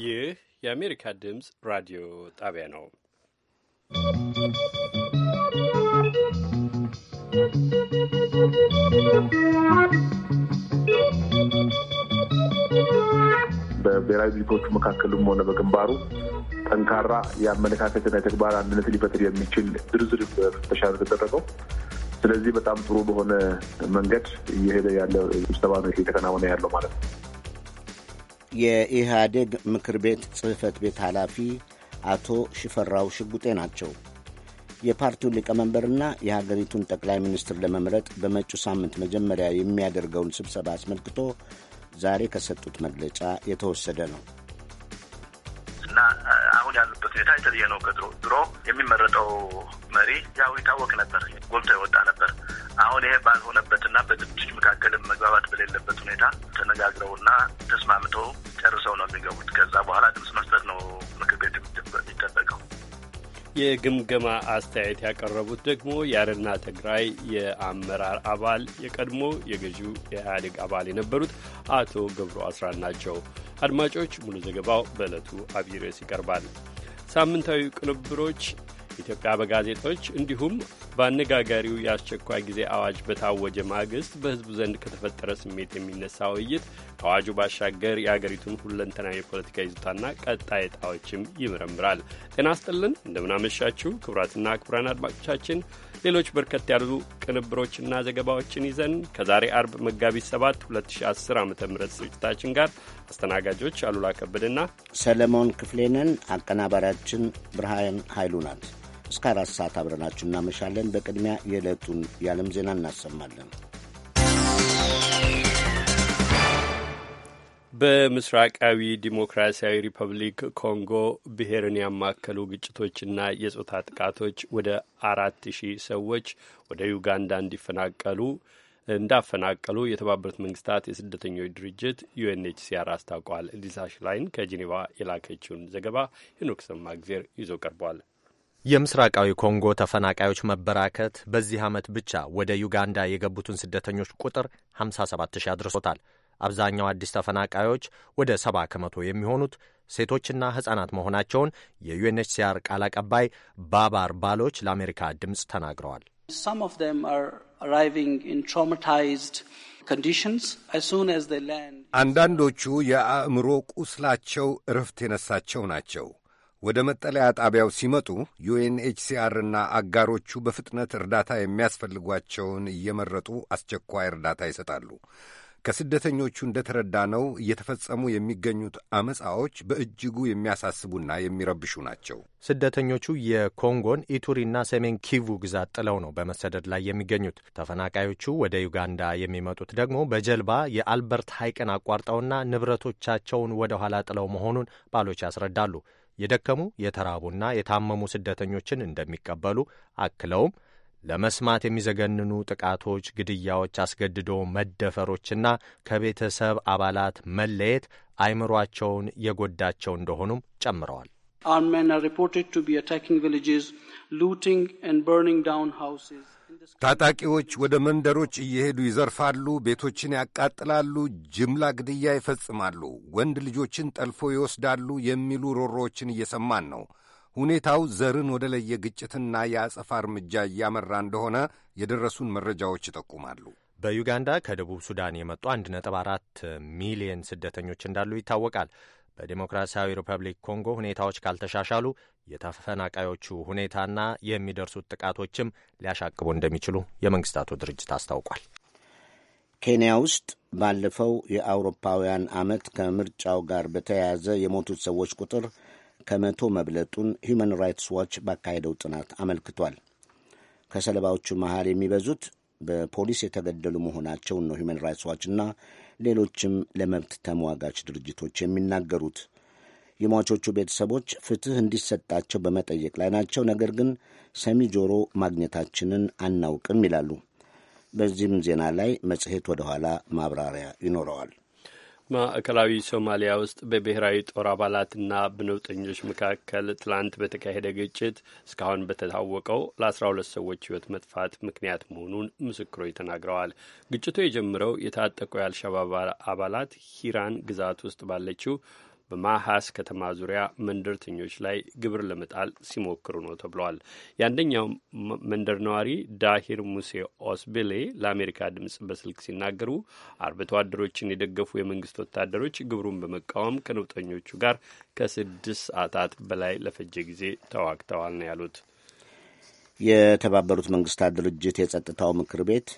ይህ የአሜሪካ ድምፅ ራዲዮ ጣቢያ ነው። በብሔራዊ ዜጎቹ መካከልም ሆነ በግንባሩ ጠንካራ የአመለካከትና የተግባር አንድነት ሊፈጥር የሚችል ዝርዝር ፍተሻ የተደረገው። ስለዚህ በጣም ጥሩ በሆነ መንገድ እየሄደ ያለ ስብሰባ ነው እየተከናወነ ያለው ማለት ነው። የኢህአዴግ ምክር ቤት ጽሕፈት ቤት ኃላፊ አቶ ሽፈራው ሽጉጤ ናቸው። የፓርቲውን ሊቀመንበርና የሀገሪቱን ጠቅላይ ሚኒስትር ለመምረጥ በመጪው ሳምንት መጀመሪያ የሚያደርገውን ስብሰባ አስመልክቶ ዛሬ ከሰጡት መግለጫ የተወሰደ ነው እና አሁን ያሉበት ሁኔታ የተለየ ነው። ከድሮ ድሮ የሚመረጠው መሪ ያው ይታወቅ ነበር፣ ጎልቶ የወጣ ነበር። አሁን ይሄ ባልሆነበትና በድርጅቶች መካከልም መግባባት በሌለበት ሁኔታ ተነጋግረውና ተስማምተው ጨርሰው ነው የሚገቡት። ከዛ በኋላ ድምፅ መስጠት ነው ምክር ቤት የግምገማ አስተያየት ያቀረቡት ደግሞ የአረና ትግራይ የአመራር አባል የቀድሞ የገዢው የኢህአዴግ አባል የነበሩት አቶ ገብሩ አስራት ናቸው። አድማጮች ሙሉ ዘገባው በዕለቱ አብይ ርዕስ ይቀርባል። ሳምንታዊ ቅንብሮች ኢትዮጵያ በጋዜጦች እንዲሁም በአነጋጋሪው የአስቸኳይ ጊዜ አዋጅ በታወጀ ማግስት በሕዝቡ ዘንድ ከተፈጠረ ስሜት የሚነሳ ውይይት ከአዋጁ ባሻገር የአገሪቱን ሁለንተናዊ የፖለቲካ ይዞታና ቀጣይ እጣዎችም ይመረምራል። ጤና ስጥልን፣ እንደምናመሻችሁ ክቡራትና ክቡራን አድማጮቻችን ሌሎች በርከት ያሉ ቅንብሮችና ዘገባዎችን ይዘን ከዛሬ አርብ መጋቢት 7 2010 ዓ ም ስርጭታችን ጋር አስተናጋጆች አሉላ ከበድና ሰለሞን ክፍሌንን አቀናባሪያችን ብርሃን ኃይሉ ናት። እስከ አራት ሰዓት አብረናችሁ እናመሻለን። በቅድሚያ የዕለቱን የዓለም ዜና እናሰማለን። በምስራቃዊ ዲሞክራሲያዊ ሪፐብሊክ ኮንጎ ብሔርን ያማከሉ ግጭቶችና የጾታ ጥቃቶች ወደ አራት ሺህ ሰዎች ወደ ዩጋንዳ እንዲፈናቀሉ እንዳፈናቀሉ የተባበሩት መንግስታት የስደተኞች ድርጅት ዩኤንኤችሲአር አስታውቋል። ሊሳ ሽላይን ከጄኔቫ የላከችውን ዘገባ ሄኖክ ሰማግዜር ይዞ ቀርቧል። የምስራቃዊ ኮንጎ ተፈናቃዮች መበራከት በዚህ ዓመት ብቻ ወደ ዩጋንዳ የገቡትን ስደተኞች ቁጥር 57,000 አድርሶታል። አብዛኛው አዲስ ተፈናቃዮች ወደ 70 ከመቶ የሚሆኑት ሴቶችና ሕፃናት መሆናቸውን የዩኤንኤችሲአር ቃል አቀባይ ባባር ባሎች ለአሜሪካ ድምፅ ተናግረዋል። አንዳንዶቹ የአእምሮ ቁስላቸው እረፍት የነሳቸው ናቸው። ወደ መጠለያ ጣቢያው ሲመጡ ዩኤንኤችሲአርና አጋሮቹ በፍጥነት እርዳታ የሚያስፈልጓቸውን እየመረጡ አስቸኳይ እርዳታ ይሰጣሉ። ከስደተኞቹ ነው እየተፈጸሙ የሚገኙት አመፃዎች በእጅጉ የሚያሳስቡና የሚረብሹ ናቸው። ስደተኞቹ የኮንጎን ኢቱሪና ሰሜን ኪቩ ግዛት ጥለው ነው በመሰደድ ላይ የሚገኙት። ተፈናቃዮቹ ወደ ዩጋንዳ የሚመጡት ደግሞ በጀልባ የአልበርት ሐይቅን አቋርጠውና ንብረቶቻቸውን ወደ ኋላ ጥለው መሆኑን ባሎች ያስረዳሉ። የደከሙ የተራቡና የታመሙ ስደተኞችን እንደሚቀበሉ አክለውም ለመስማት የሚዘገንኑ ጥቃቶች፣ ግድያዎች፣ አስገድዶ መደፈሮችና ከቤተሰብ አባላት መለየት አይምሯቸውን የጎዳቸው እንደሆኑም ጨምረዋል። Our men are reported to be attacking villages, looting and burning down houses. ታጣቂዎች ወደ መንደሮች እየሄዱ ይዘርፋሉ፣ ቤቶችን ያቃጥላሉ፣ ጅምላ ግድያ ይፈጽማሉ፣ ወንድ ልጆችን ጠልፎ ይወስዳሉ የሚሉ ሮሮዎችን እየሰማን ነው። ሁኔታው ዘርን ወደ ለየ ግጭትና የአጸፋ እርምጃ እያመራ እንደሆነ የደረሱን መረጃዎች ይጠቁማሉ። በዩጋንዳ ከደቡብ ሱዳን የመጡ 1.4 ሚሊየን ስደተኞች እንዳሉ ይታወቃል። በዲሞክራሲያዊ ሪፐብሊክ ኮንጎ ሁኔታዎች ካልተሻሻሉ የተፈናቃዮቹ ሁኔታና የሚደርሱት ጥቃቶችም ሊያሻቅቡ እንደሚችሉ የመንግስታቱ ድርጅት አስታውቋል። ኬንያ ውስጥ ባለፈው የአውሮፓውያን ዓመት ከምርጫው ጋር በተያያዘ የሞቱት ሰዎች ቁጥር ከመቶ መብለጡን ሁማን ራይትስ ዋች ባካሄደው ጥናት አመልክቷል። ከሰለባዎቹ መሃል የሚበዙት በፖሊስ የተገደሉ መሆናቸውን ነው ሁማን ራይትስ ዋች እና ሌሎችም ለመብት ተሟጋች ድርጅቶች የሚናገሩት። የሟቾቹ ቤተሰቦች ፍትህ እንዲሰጣቸው በመጠየቅ ላይ ናቸው። ነገር ግን ሰሚ ጆሮ ማግኘታችንን አናውቅም ይላሉ። በዚህም ዜና ላይ መጽሔት ወደ ኋላ ማብራሪያ ይኖረዋል። ማዕከላዊ ሶማሊያ ውስጥ በብሔራዊ ጦር አባላትና በነውጠኞች መካከል ትላንት በተካሄደ ግጭት እስካሁን በተታወቀው ለአስራ ሁለት ሰዎች ህይወት መጥፋት ምክንያት መሆኑን ምስክሮች ተናግረዋል። ግጭቱ የጀመረው የታጠቁ የአልሸባብ አባላት ሂራን ግዛት ውስጥ ባለችው በማሐስ ከተማ ዙሪያ መንደርተኞች ላይ ግብር ለመጣል ሲሞክሩ ነው ተብሏል። የአንደኛው መንደር ነዋሪ ዳሂር ሙሴ ኦስቤሌ ለአሜሪካ ድምፅ በስልክ ሲናገሩ አርብቶ አደሮችን የደገፉ የመንግስት ወታደሮች ግብሩን በመቃወም ከነውጠኞቹ ጋር ከስድስት ሰዓታት በላይ ለፈጀ ጊዜ ተዋግተዋል ነው ያሉት። የተባበሩት መንግስታት ድርጅት የጸጥታው ምክር ቤት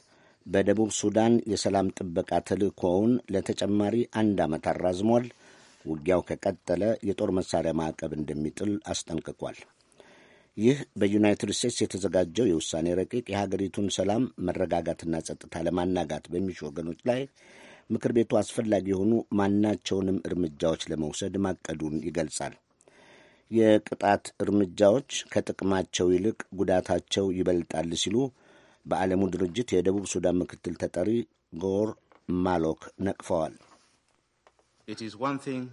በደቡብ ሱዳን የሰላም ጥበቃ ተልእኮውን ለተጨማሪ አንድ ዓመት አራዝሟል። ውጊያው ከቀጠለ የጦር መሳሪያ ማዕቀብ እንደሚጥል አስጠንቅቋል። ይህ በዩናይትድ ስቴትስ የተዘጋጀው የውሳኔ ረቂቅ የሀገሪቱን ሰላም መረጋጋትና ጸጥታ ለማናጋት በሚሹ ወገኖች ላይ ምክር ቤቱ አስፈላጊ የሆኑ ማናቸውንም እርምጃዎች ለመውሰድ ማቀዱን ይገልጻል። የቅጣት እርምጃዎች ከጥቅማቸው ይልቅ ጉዳታቸው ይበልጣል ሲሉ በዓለሙ ድርጅት የደቡብ ሱዳን ምክትል ተጠሪ ጎር ማሎክ ነቅፈዋል። It is one thing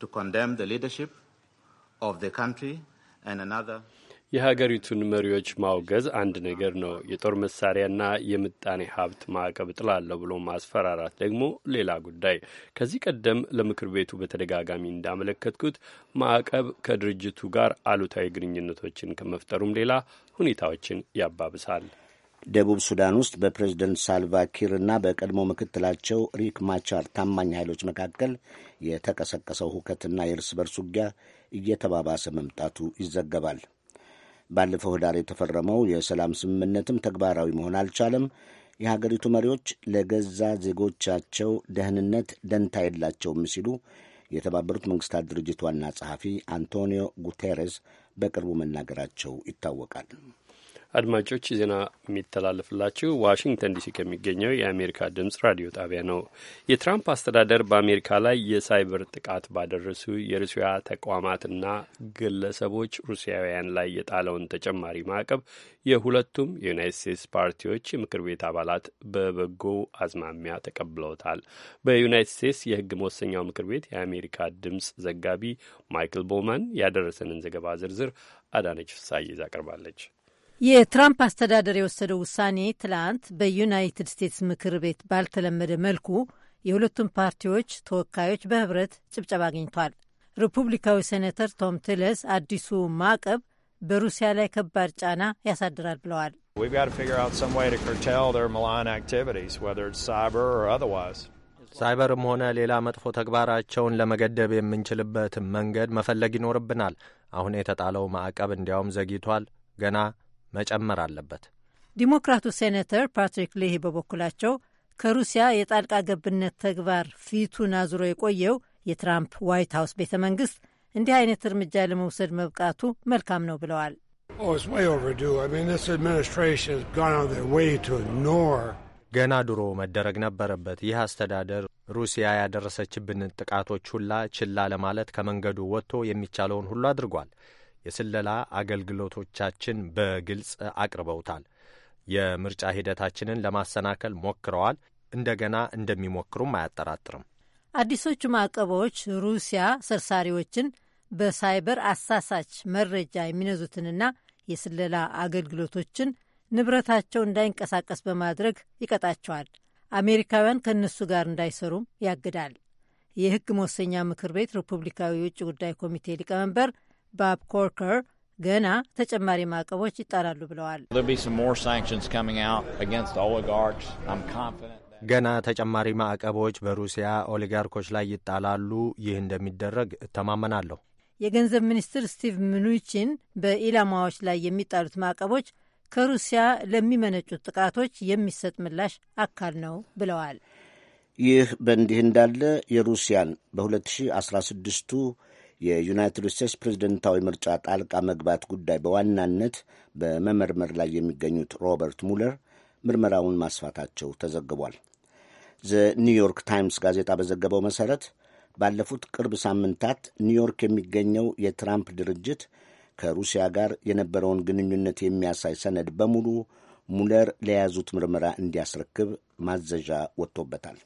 to condemn the leadership of the country and another የሀገሪቱን መሪዎች ማውገዝ አንድ ነገር ነው። የጦር መሳሪያና የምጣኔ ሀብት ማዕቀብ ጥላለሁ ብሎ ማስፈራራት ደግሞ ሌላ ጉዳይ። ከዚህ ቀደም ለምክር ቤቱ በተደጋጋሚ እንዳመለከትኩት ማዕቀብ ከድርጅቱ ጋር አሉታዊ ግንኙነቶችን ከመፍጠሩም ሌላ ሁኔታዎችን ያባብሳል። ደቡብ ሱዳን ውስጥ በፕሬዝደንት ሳልቫኪር እና በቀድሞ ምክትላቸው ሪክ ማቻር ታማኝ ኃይሎች መካከል የተቀሰቀሰው ሁከትና የእርስ በርስ ውጊያ እየተባባሰ መምጣቱ ይዘገባል። ባለፈው ህዳር የተፈረመው የሰላም ስምምነትም ተግባራዊ መሆን አልቻለም። የሀገሪቱ መሪዎች ለገዛ ዜጎቻቸው ደህንነት ደንታ የላቸውም ሲሉ የተባበሩት መንግስታት ድርጅት ዋና ጸሐፊ አንቶኒዮ ጉቴሬስ በቅርቡ መናገራቸው ይታወቃል። አድማጮች ዜና የሚተላለፍላችሁ ዋሽንግተን ዲሲ ከሚገኘው የአሜሪካ ድምጽ ራዲዮ ጣቢያ ነው። የትራምፕ አስተዳደር በአሜሪካ ላይ የሳይበር ጥቃት ባደረሱ የሩሲያ ተቋማትና ግለሰቦች ሩሲያውያን ላይ የጣለውን ተጨማሪ ማዕቀብ የሁለቱም የዩናይት ስቴትስ ፓርቲዎች የምክር ቤት አባላት በበጎ አዝማሚያ ተቀብለውታል። በዩናይት ስቴትስ የሕግ መወሰኛው ምክር ቤት የአሜሪካ ድምጽ ዘጋቢ ማይክል ቦማን ያደረሰንን ዘገባ ዝርዝር አዳነች ፍሳይ ይዛ ቀርባለች። የትራምፕ አስተዳደር የወሰደው ውሳኔ ትላንት በዩናይትድ ስቴትስ ምክር ቤት ባልተለመደ መልኩ የሁለቱም ፓርቲዎች ተወካዮች በህብረት ጭብጨባ አግኝቷል። ሪፑብሊካዊ ሴኔተር ቶም ትለስ አዲሱ ማዕቀብ በሩሲያ ላይ ከባድ ጫና ያሳድራል ብለዋል። ሳይበርም ሆነ ሌላ መጥፎ ተግባራቸውን ለመገደብ የምንችልበት መንገድ መፈለግ ይኖርብናል። አሁን የተጣለው ማዕቀብ እንዲያውም ዘግይቷል። ገና መጨመር አለበት። ዲሞክራቱ ሴኔተር ፓትሪክ ሌሂ በበኩላቸው ከሩሲያ የጣልቃ ገብነት ተግባር ፊቱን አዙሮ የቆየው የትራምፕ ዋይት ሀውስ ቤተ መንግስት እንዲህ አይነት እርምጃ ለመውሰድ መብቃቱ መልካም ነው ብለዋል። oh, ገና ድሮ መደረግ ነበረበት። ይህ አስተዳደር ሩሲያ ያደረሰችብንን ጥቃቶች ሁላ ችላ ለማለት ከመንገዱ ወጥቶ የሚቻለውን ሁሉ አድርጓል። የስለላ አገልግሎቶቻችን በግልጽ አቅርበውታል። የምርጫ ሂደታችንን ለማሰናከል ሞክረዋል። እንደገና እንደሚሞክሩም አያጠራጥርም። አዲሶቹ ማዕቀቦች ሩሲያ ሰርሳሪዎችን በሳይበር አሳሳች መረጃ የሚነዙትንና የስለላ አገልግሎቶችን ንብረታቸው እንዳይንቀሳቀስ በማድረግ ይቀጣቸዋል። አሜሪካውያን ከእነሱ ጋር እንዳይሰሩም ያግዳል። የሕግ መወሰኛ ምክር ቤት ሪፑብሊካዊ የውጭ ጉዳይ ኮሚቴ ሊቀመንበር ባብ ኮርከር ገና ተጨማሪ ማዕቀቦች ይጣላሉ ብለዋል። ገና ተጨማሪ ማዕቀቦች በሩሲያ ኦሊጋርኮች ላይ ይጣላሉ። ይህ እንደሚደረግ እተማመናለሁ። የገንዘብ ሚኒስትር ስቲቭ ምኑቺን በኢላማዎች ላይ የሚጣሉት ማዕቀቦች ከሩሲያ ለሚመነጩት ጥቃቶች የሚሰጥ ምላሽ አካል ነው ብለዋል። ይህ በእንዲህ እንዳለ የሩሲያን በ2016ቱ የዩናይትድ ስቴትስ ፕሬዝደንታዊ ምርጫ ጣልቃ መግባት ጉዳይ በዋናነት በመመርመር ላይ የሚገኙት ሮበርት ሙለር ምርመራውን ማስፋታቸው ተዘግቧል። ኒውዮርክ ታይምስ ጋዜጣ በዘገበው መሠረት ባለፉት ቅርብ ሳምንታት ኒውዮርክ የሚገኘው የትራምፕ ድርጅት ከሩሲያ ጋር የነበረውን ግንኙነት የሚያሳይ ሰነድ በሙሉ ሙለር ለያዙት ምርመራ እንዲያስረክብ ማዘዣ ወጥቶበታል።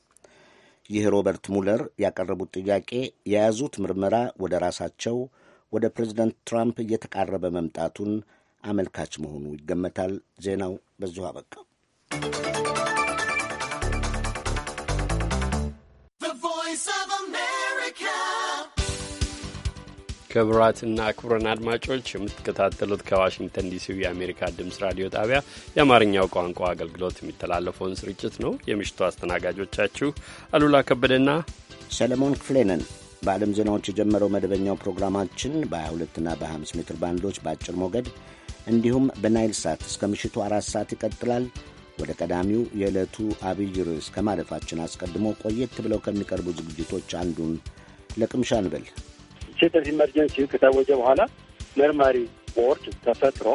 ይህ ሮበርት ሙለር ያቀረቡት ጥያቄ የያዙት ምርመራ ወደ ራሳቸው ወደ ፕሬዚደንት ትራምፕ እየተቃረበ መምጣቱን አመልካች መሆኑ ይገመታል። ዜናው በዚሁ አበቃ። ክቡራትና ክቡራን አድማጮች የምትከታተሉት ከዋሽንግተን ዲሲ የአሜሪካ ድምፅ ራዲዮ ጣቢያ የአማርኛው ቋንቋ አገልግሎት የሚተላለፈውን ስርጭት ነው። የምሽቱ አስተናጋጆቻችሁ አሉላ ከበደና ሰለሞን ክፍሌ ነን። በዓለም ዜናዎች የጀመረው መደበኛው ፕሮግራማችን በ22ና በ5 ሜትር ባንዶች በአጭር ሞገድ እንዲሁም በናይል ሳት እስከ ምሽቱ አራት ሰዓት ይቀጥላል። ወደ ቀዳሚው የዕለቱ አብይ ርዕስ ከማለፋችን አስቀድሞ ቆየት ብለው ከሚቀርቡ ዝግጅቶች አንዱን ለቅምሻ እንበል። ሴተር ኢመርጀንሲ ከታወጀ በኋላ መርማሪ ቦርድ ተፈጥሮ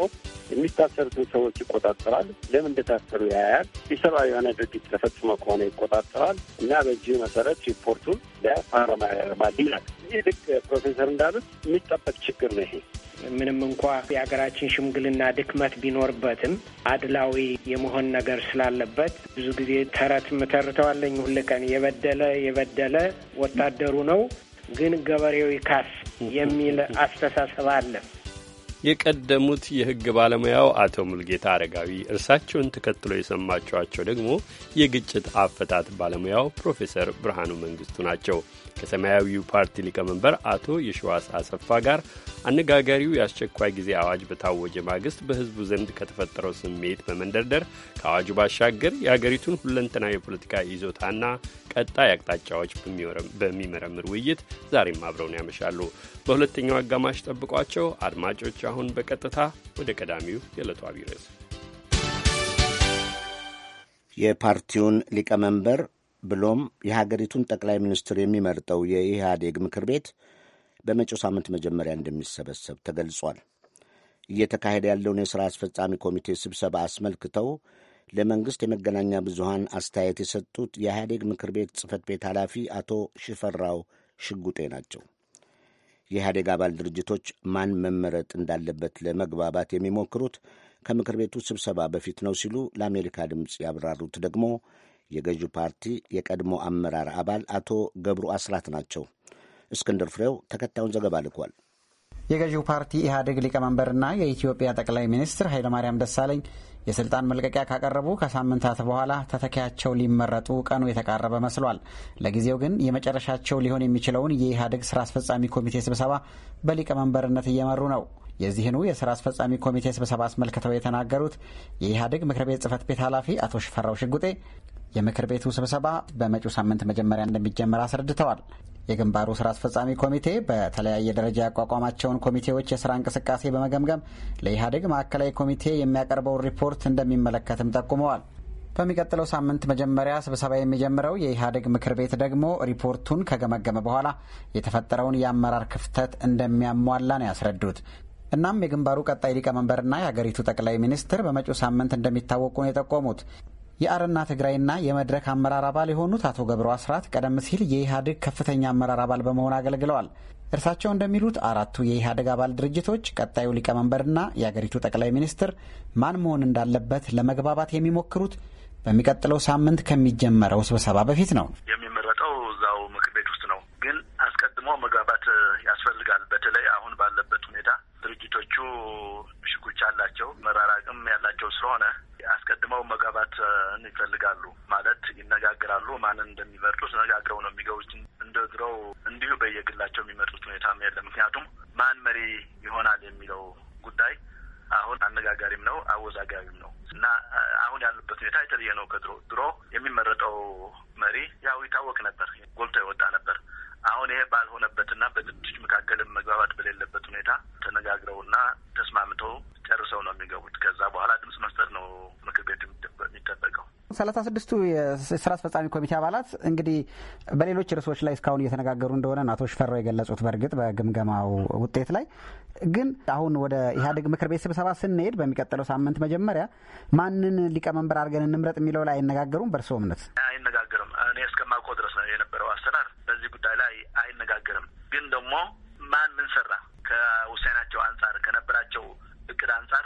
የሚታሰሩትን ሰዎች ይቆጣጠራል። ለምን እንደታሰሩ ያያል። የሰብአዊ የሆነ ድርጊት ተፈጽሞ ከሆነ ይቆጣጠራል እና በዚህ መሰረት ሪፖርቱን ለፓርላማ ያቀርባል ይላል። ይህ ልክ ፕሮፌሰር እንዳሉት የሚጠበቅ ችግር ነው ይሄ። ምንም እንኳ የሀገራችን ሽምግልና ድክመት ቢኖርበትም አድላዊ የመሆን ነገር ስላለበት ብዙ ጊዜ ተረት ምተርተዋለኝ ሁል ቀን የበደለ የበደለ ወታደሩ ነው ግን ገበሬው ይካስ የሚል አስተሳሰብ አለ። የቀደሙት የሕግ ባለሙያው አቶ ሙልጌታ አረጋዊ፣ እርሳቸውን ተከትሎ የሰማችኋቸው ደግሞ የግጭት አፈታት ባለሙያው ፕሮፌሰር ብርሃኑ መንግስቱ ናቸው። ከሰማያዊው ፓርቲ ሊቀመንበር አቶ የሸዋስ አሰፋ ጋር አነጋጋሪው የአስቸኳይ ጊዜ አዋጅ በታወጀ ማግስት በሕዝቡ ዘንድ ከተፈጠረው ስሜት በመንደርደር ከአዋጁ ባሻገር የአገሪቱን ሁለንተና የፖለቲካ ይዞታና ቀጣይ አቅጣጫዎች በሚመረምር ውይይት ዛሬም አብረውን ያመሻሉ። በሁለተኛው አጋማሽ ጠብቋቸው አድማጮች። አሁን በቀጥታ ወደ ቀዳሚው የዕለቱ አብይ ርዕስ የፓርቲውን ሊቀመንበር ብሎም የሀገሪቱን ጠቅላይ ሚኒስትር የሚመርጠው የኢህአዴግ ምክር ቤት በመጪው ሳምንት መጀመሪያ እንደሚሰበሰብ ተገልጿል። እየተካሄደ ያለውን የሥራ አስፈጻሚ ኮሚቴ ስብሰባ አስመልክተው ለመንግሥት የመገናኛ ብዙሃን አስተያየት የሰጡት የኢህአዴግ ምክር ቤት ጽህፈት ቤት ኃላፊ አቶ ሽፈራው ሽጉጤ ናቸው። የኢህአዴግ አባል ድርጅቶች ማን መመረጥ እንዳለበት ለመግባባት የሚሞክሩት ከምክር ቤቱ ስብሰባ በፊት ነው ሲሉ ለአሜሪካ ድምፅ ያብራሩት ደግሞ የገዢው ፓርቲ የቀድሞ አመራር አባል አቶ ገብሩ አስራት ናቸው። እስክንድር ፍሬው ተከታዩን ዘገባ ልኳል። የገዢው ፓርቲ ኢህአዴግ ሊቀመንበርና የኢትዮጵያ ጠቅላይ ሚኒስትር ኃይለማርያም ደሳለኝ የስልጣን መልቀቂያ ካቀረቡ ከሳምንታት በኋላ ተተኪያቸው ሊመረጡ ቀኑ የተቃረበ መስሏል። ለጊዜው ግን የመጨረሻቸው ሊሆን የሚችለውን የኢህአዴግ ስራ አስፈጻሚ ኮሚቴ ስብሰባ በሊቀመንበርነት እየመሩ ነው። የዚህኑ የስራ አስፈጻሚ ኮሚቴ ስብሰባ አስመልክተው የተናገሩት የኢህአዴግ ምክር ቤት ጽህፈት ቤት ኃላፊ አቶ ሽፈራው ሽጉጤ የምክር ቤቱ ስብሰባ በመጪው ሳምንት መጀመሪያ እንደሚጀመር አስረድተዋል። የግንባሩ ስራ አስፈጻሚ ኮሚቴ በተለያየ ደረጃ ያቋቋማቸውን ኮሚቴዎች የስራ እንቅስቃሴ በመገምገም ለኢህአዴግ ማዕከላዊ ኮሚቴ የሚያቀርበውን ሪፖርት እንደሚመለከትም ጠቁመዋል። በሚቀጥለው ሳምንት መጀመሪያ ስብሰባ የሚጀምረው የኢህአዴግ ምክር ቤት ደግሞ ሪፖርቱን ከገመገመ በኋላ የተፈጠረውን የአመራር ክፍተት እንደሚያሟላ ነው ያስረዱት። እናም የግንባሩ ቀጣይ ሊቀመንበርና የሀገሪቱ ጠቅላይ ሚኒስትር በመጪው ሳምንት እንደሚታወቁ ነው የጠቆሙት። የአረና ትግራይና የመድረክ አመራር አባል የሆኑት አቶ ገብሩ አስራት ቀደም ሲል የኢህአዴግ ከፍተኛ አመራር አባል በመሆን አገልግለዋል። እርሳቸው እንደሚሉት አራቱ የኢህአዴግ አባል ድርጅቶች ቀጣዩ ሊቀመንበርና የአገሪቱ ጠቅላይ ሚኒስትር ማን መሆን እንዳለበት ለመግባባት የሚሞክሩት በሚቀጥለው ሳምንት ከሚጀመረው ስብሰባ በፊት ነው። የሚመረጠው እዛው ምክር ቤት ውስጥ ነው። ግን አስቀድሞ መግባባት ያስፈልጋል። በተለይ አሁን ባለበት ሁኔታ ድርጅቶቹ ሽኩቻ አላቸው፣ መራራቅም ያላቸው ስለሆነ አስቀድመው መጋባት ይፈልጋሉ። ማለት ይነጋግራሉ። ማንን እንደሚመርጡ ተነጋግረው ነው የሚገቡት። እንደ ድሮው እንዲሁ በየግላቸው የሚመርጡት ሁኔታም የለም። ምክንያቱም ማን መሪ ይሆናል የሚለው ጉዳይ አሁን አነጋጋሪም ነው አወዛጋቢም ነው እና አሁን ያሉበት ሁኔታ የተለየ ነው ከድሮ። ድሮ የሚመረጠው መሪ ያው ይታወቅ ነበር፣ ጎልቶ የወጣ ነበር። አሁን ይሄ ባልሆነበትና በድርጅቶች መካከልም መግባባት በሌለበት ሁኔታ ተነጋግረውና ተስማምተው ጨርሰው ነው የሚገቡት። ከዛ በኋላ ድምጽ መስጠት ነው ምክር ቤት የሚጠበቀው። ሰላሳ ስድስቱ የስራ አስፈጻሚ ኮሚቴ አባላት እንግዲህ በሌሎች ርዕሶች ላይ እስካሁን እየተነጋገሩ እንደሆነ አቶ ሽፈራው የገለጹት በእርግጥ በግምገማው ውጤት ላይ ግን አሁን ወደ ኢህአዴግ ምክር ቤት ስብሰባ ስንሄድ በሚቀጥለው ሳምንት መጀመሪያ ማንን ሊቀመንበር አድርገን እንምረጥ የሚለው ላይ አይነጋገሩም። በእርስዎ እምነት አይነጋገርም? እኔ እስከ ደግሞ ማን ምን ሰራ ከውሳኔያቸው አንጻር ከነበራቸው እቅድ አንጻር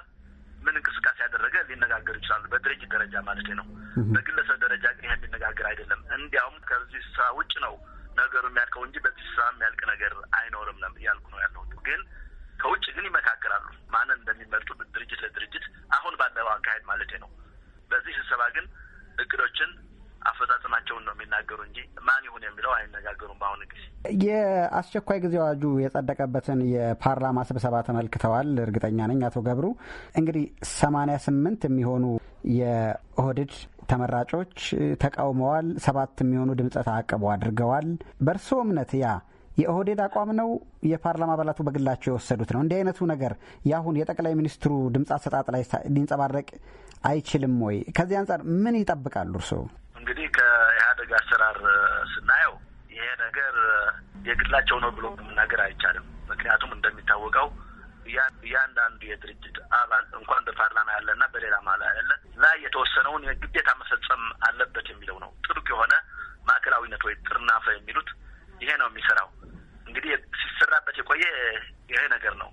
ምን እንቅስቃሴ ያደረገ ሊነጋገር ይችላሉ። በድርጅት ደረጃ ማለት ነው። በግለሰብ ደረጃ ግን ይህ ሊነጋገር አይደለም። እንዲያውም ከዚህ ስራ ውጭ ነው ነገሩ የሚያልቀው እንጂ በዚህ ስራ የሚያልቅ ነገር አይኖርም ነው እያልኩ ነው ያለሁት። ግን ከውጭ ግን ይመካከራሉ ማንን እንደሚመርጡ ድርጅት ለድርጅት አሁን ባለው አካሄድ ማለት ነው። በዚህ ስብሰባ ግን እቅዶችን አፈጻጸማቸውን ነው የሚናገሩ እንጂ ማን ይሁን የሚለው አይነጋገሩም። በአሁኑ ጊዜ የአስቸኳይ ጊዜ አዋጁ የጸደቀበትን የፓርላማ ስብሰባ ተመልክተዋል። እርግጠኛ ነኝ አቶ ገብሩ እንግዲህ ሰማንያ ስምንት የሚሆኑ የኦህድድ ተመራጮች ተቃውመዋል። ሰባት የሚሆኑ ድምጸ ተአቅቦ አድርገዋል። በእርስዎ እምነት ያ የኦህዴድ አቋም ነው? የፓርላማ አባላቱ በግላቸው የወሰዱት ነው? እንዲህ አይነቱ ነገር የአሁን የጠቅላይ ሚኒስትሩ ድምፅ አሰጣጥ ላይ ሊንጸባረቅ አይችልም ወይ? ከዚህ አንጻር ምን ይጠብቃሉ እርስዎ? የግላቸው ነው ብሎ መናገር አይቻልም። ምክንያቱም እንደሚታወቀው እያንዳንዱ የድርጅት አባል እንኳን በፓርላማ ያለና በሌላ ማላ ያለ ላይ የተወሰነውን የግዴታ መፈጸም አለበት የሚለው ነው። ጥብቅ የሆነ ማዕከላዊነት ወይ ጥርናፈ የሚሉት ይሄ ነው የሚሰራው። እንግዲህ ሲሰራበት የቆየ ይሄ ነገር ነው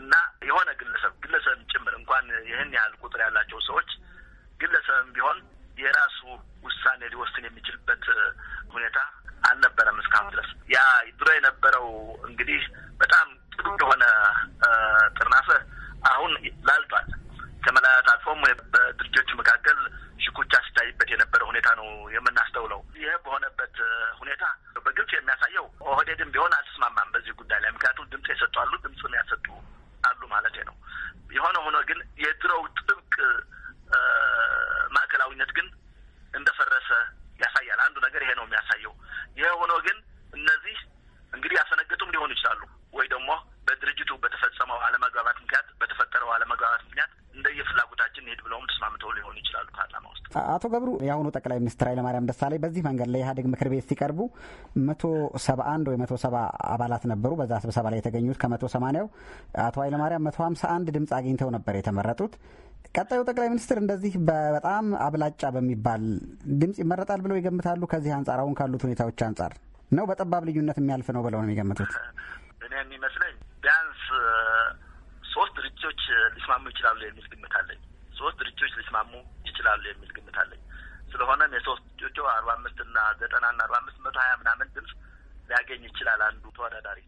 እና የሆነ ግለሰብ ግለሰብ ጭምር እንኳን ይህን ያህል ቁጥር ያላቸው ሰዎች ግለሰብም ቢሆን የራሱ ውሳኔ ሊወስን የሚችልበት ሁኔታ አልነበረም እስካሁን ድረስ። ያ ድሮ የነበረው እንግዲህ በጣም ጥሩ የሆነ ጥርናፈ አሁን ላልቷል። ከመላላት አልፎም በድርጅቶች መካከል ሽኩቻ ሲታይበት የነበረ ሁኔታ ነው የምናስተውለው። ይህ በሆነበት ሁኔታ በግልጽ የሚያሳየው ኦህዴድም ቢሆን አልተስማማም በዚህ ጉዳይ ላይ ምክንያቱም ድምፅ የሰጡ አሉ፣ ድምፁን ያሰጡ አሉ ማለት ነው። የሆነ ሆኖ ግን የድሮው ጥብቅ ማዕከላዊነት ግን እንደፈረሰ ያሳያል። አንዱ ነገር ይሄ ነው የሚያሳየው። ይሄ ሆኖ ግን እነዚህ እንግዲህ ያሰነገጡም ሊሆኑ ይችላሉ ወይ ደግሞ በድርጅቱ በተፈጸመው አለመግባባት ምክንያት በተፈጠረው አለመግባባት ምክንያት እንደየፍላጎታችን ሄድ ብለውም ተስማምተው ሊሆኑ ይችላሉ ፓርላማ ውስጥ። አቶ ገብሩ የአሁኑ ጠቅላይ ሚኒስትር ኃይለማርያም ደሳለኝ በዚህ መንገድ ለኢህአዴግ ምክር ቤት ሲቀርቡ መቶ ሰባ አንድ ወይ መቶ ሰባ አባላት ነበሩ በዛ ስብሰባ ላይ የተገኙት ከመቶ ሰማኒያው አቶ ኃይለማርያም መቶ ሀምሳ አንድ ድምፅ አግኝተው ነበር የተመረጡት። ቀጣዩ ጠቅላይ ሚኒስትር እንደዚህ በጣም አብላጫ በሚባል ድምፅ ይመረጣል ብለው ይገምታሉ? ከዚህ አንጻር አሁን ካሉት ሁኔታዎች አንጻር ነው በጠባብ ልዩነት የሚያልፍ ነው ብለው ነው የሚገምቱት? እኔ የሚመስለኝ ቢያንስ ሶስት ድርጅቶች ሊስማሙ ይችላሉ የሚል ግምት አለኝ። ሶስት ድርጅቶች ሊስማሙ ይችላሉ የሚል ግምት አለኝ። ስለሆነም የሶስት ድርጅቶቹ አርባ አምስት እና ዘጠና እና አርባ አምስት መቶ ሀያ ምናምን ድምፅ ሊያገኝ ይችላል አንዱ ተወዳዳሪ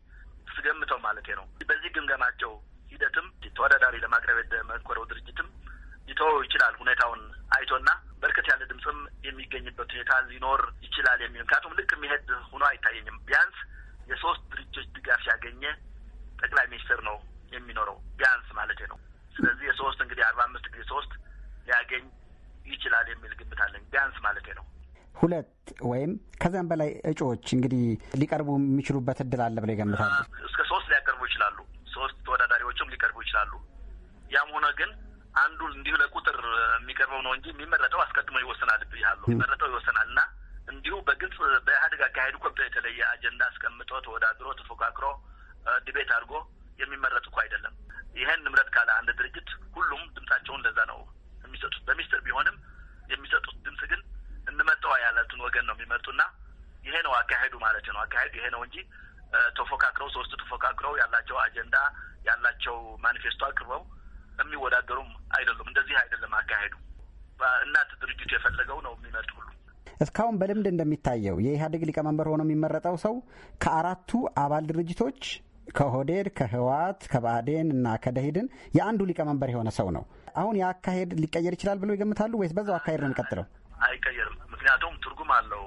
ስገምተው ማለት ነው። በዚህ ግምገማቸው ሂደትም ተወዳዳሪ ለማቅረብ የተመኮረው ድርጅትም ሊተወው ይችላል ሁኔታውን አይቶና በርከት ያለ ድምፅም የሚገኝበት ሁኔታ ሊኖር ይችላል የሚል ምክንያቱም ልክ የሚሄድ ሆኖ አይታየኝም። ቢያንስ የሶስት ድርጅቶች ድጋፍ ያገኘ ጠቅላይ ሚኒስትር ነው የሚኖረው ቢያንስ ማለት ነው። ስለዚህ የሶስት እንግዲህ አርባ አምስት ጊዜ ሶስት ሊያገኝ ይችላል የሚል ግምት አለኝ ቢያንስ ማለት ነው። ሁለት ወይም ከዚያም በላይ እጩዎች እንግዲህ ሊቀርቡ የሚችሉበት እድል አለ ብለው ይገምታሉ። እስከ ሶስት ሊያቀርቡ ይችላሉ። ሶስት ተወዳዳሪዎችም ሊቀርቡ ይችላሉ። ያም ሆነ ግን አንዱ እንዲሁ ለቁጥር የሚቀርበው ነው እንጂ የሚመረጠው አስቀድሞ ይወሰናል ብያለሁ። የሚመረጠው ይወሰናል እና እንዲሁ በግልጽ በኢህአዴግ አካሄዱ እኮ የተለየ አጀንዳ አስቀምጦ ተወዳድሮ ተፎካክሮ ዲቤት አድርጎ የሚመረጥ እኮ አይደለም። ይህን ንምረት ካለ አንድ ድርጅት ሁሉም ድምጻቸውን ለዛ ነው የሚሰጡት። በሚስጥር ቢሆንም የሚሰጡት ድምጽ ግን እንመጠዋ ያለትን ወገን ነው የሚመርጡና ይሄ ነው አካሄዱ ማለት ነው። አካሄዱ ይሄ ነው እንጂ ተፎካክረው ሶስቱ ተፎካክረው ያላቸው አጀንዳ ያላቸው ማኒፌስቶ አቅርበው የሚወዳደሩም አይደሉም። እንደዚህ አይደለም አካሄዱ። እናት ድርጅት የፈለገው ነው የሚመርጥ ሁሉ እስካሁን በልምድ እንደሚታየው የኢህአዴግ ሊቀመንበር ሆኖ የሚመረጠው ሰው ከአራቱ አባል ድርጅቶች ከሆዴድ፣ ከህወሓት፣ ከባአዴን እና ከደሂድን የአንዱ ሊቀመንበር የሆነ ሰው ነው። አሁን የአካሄድ ሊቀየር ይችላል ብሎ ይገምታሉ ወይስ በዛው አካሄድ ነው የሚቀጥለው? አይቀየርም። ምክንያቱም ትርጉም አለው።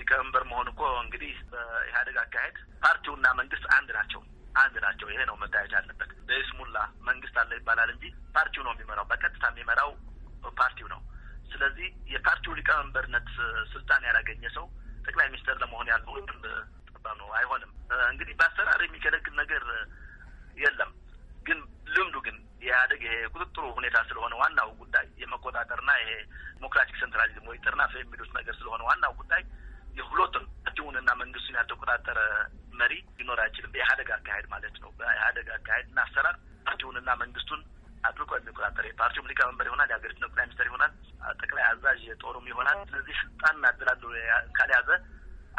ሊቀመንበር መሆን እኮ እንግዲህ በኢህአዴግ አካሄድ ፓርቲውና መንግስት አንድ ናቸው። አንድ ናቸው። ይሄ ነው መታየት ያለበት። በይስሙላ መንግስት አለ ይባላል እንጂ ፓርቲው ነው የሚመራው፣ በቀጥታ የሚመራው ፓርቲው ነው። ስለዚህ የፓርቲው ሊቀመንበርነት ስልጣን ያላገኘ ሰው ጠቅላይ ሚኒስትር ለመሆን ያሉ ጠባብ ነው፣ አይሆንም። እንግዲህ በአሰራር የሚገለግል ነገር የለም። ግን ልምዱ ግን የኢህአደግ ይሄ ቁጥጥሩ ሁኔታ ስለሆነ ዋናው ጉዳይ የመቆጣጠርና ይሄ ዲሞክራቲክ ሴንትራሊዝም ወይ ጥርናፍ የሚሉት ነገር ስለሆነ ዋናው ጉዳይ የሁለቱን ፓርቲውንና መንግስቱን ያልተቆጣጠረ መሪ ሊኖር አይችልም። የኢህአደግ አካሄድ ማለት ነው። በኢህአደግ አካሄድ እና አሰራር ፓርቲውንና መንግስቱን አጥብቆ የሚቆጣጠር የፓርቲውም ሊቀመንበር ይሆናል። የሀገሪቱ ጠቅላይ ሚኒስትር ይሆናል። ጠቅላይ አዛዥ የጦሩም ይሆናል። ስለዚህ ስልጣን ያደላሉ ካልያዘ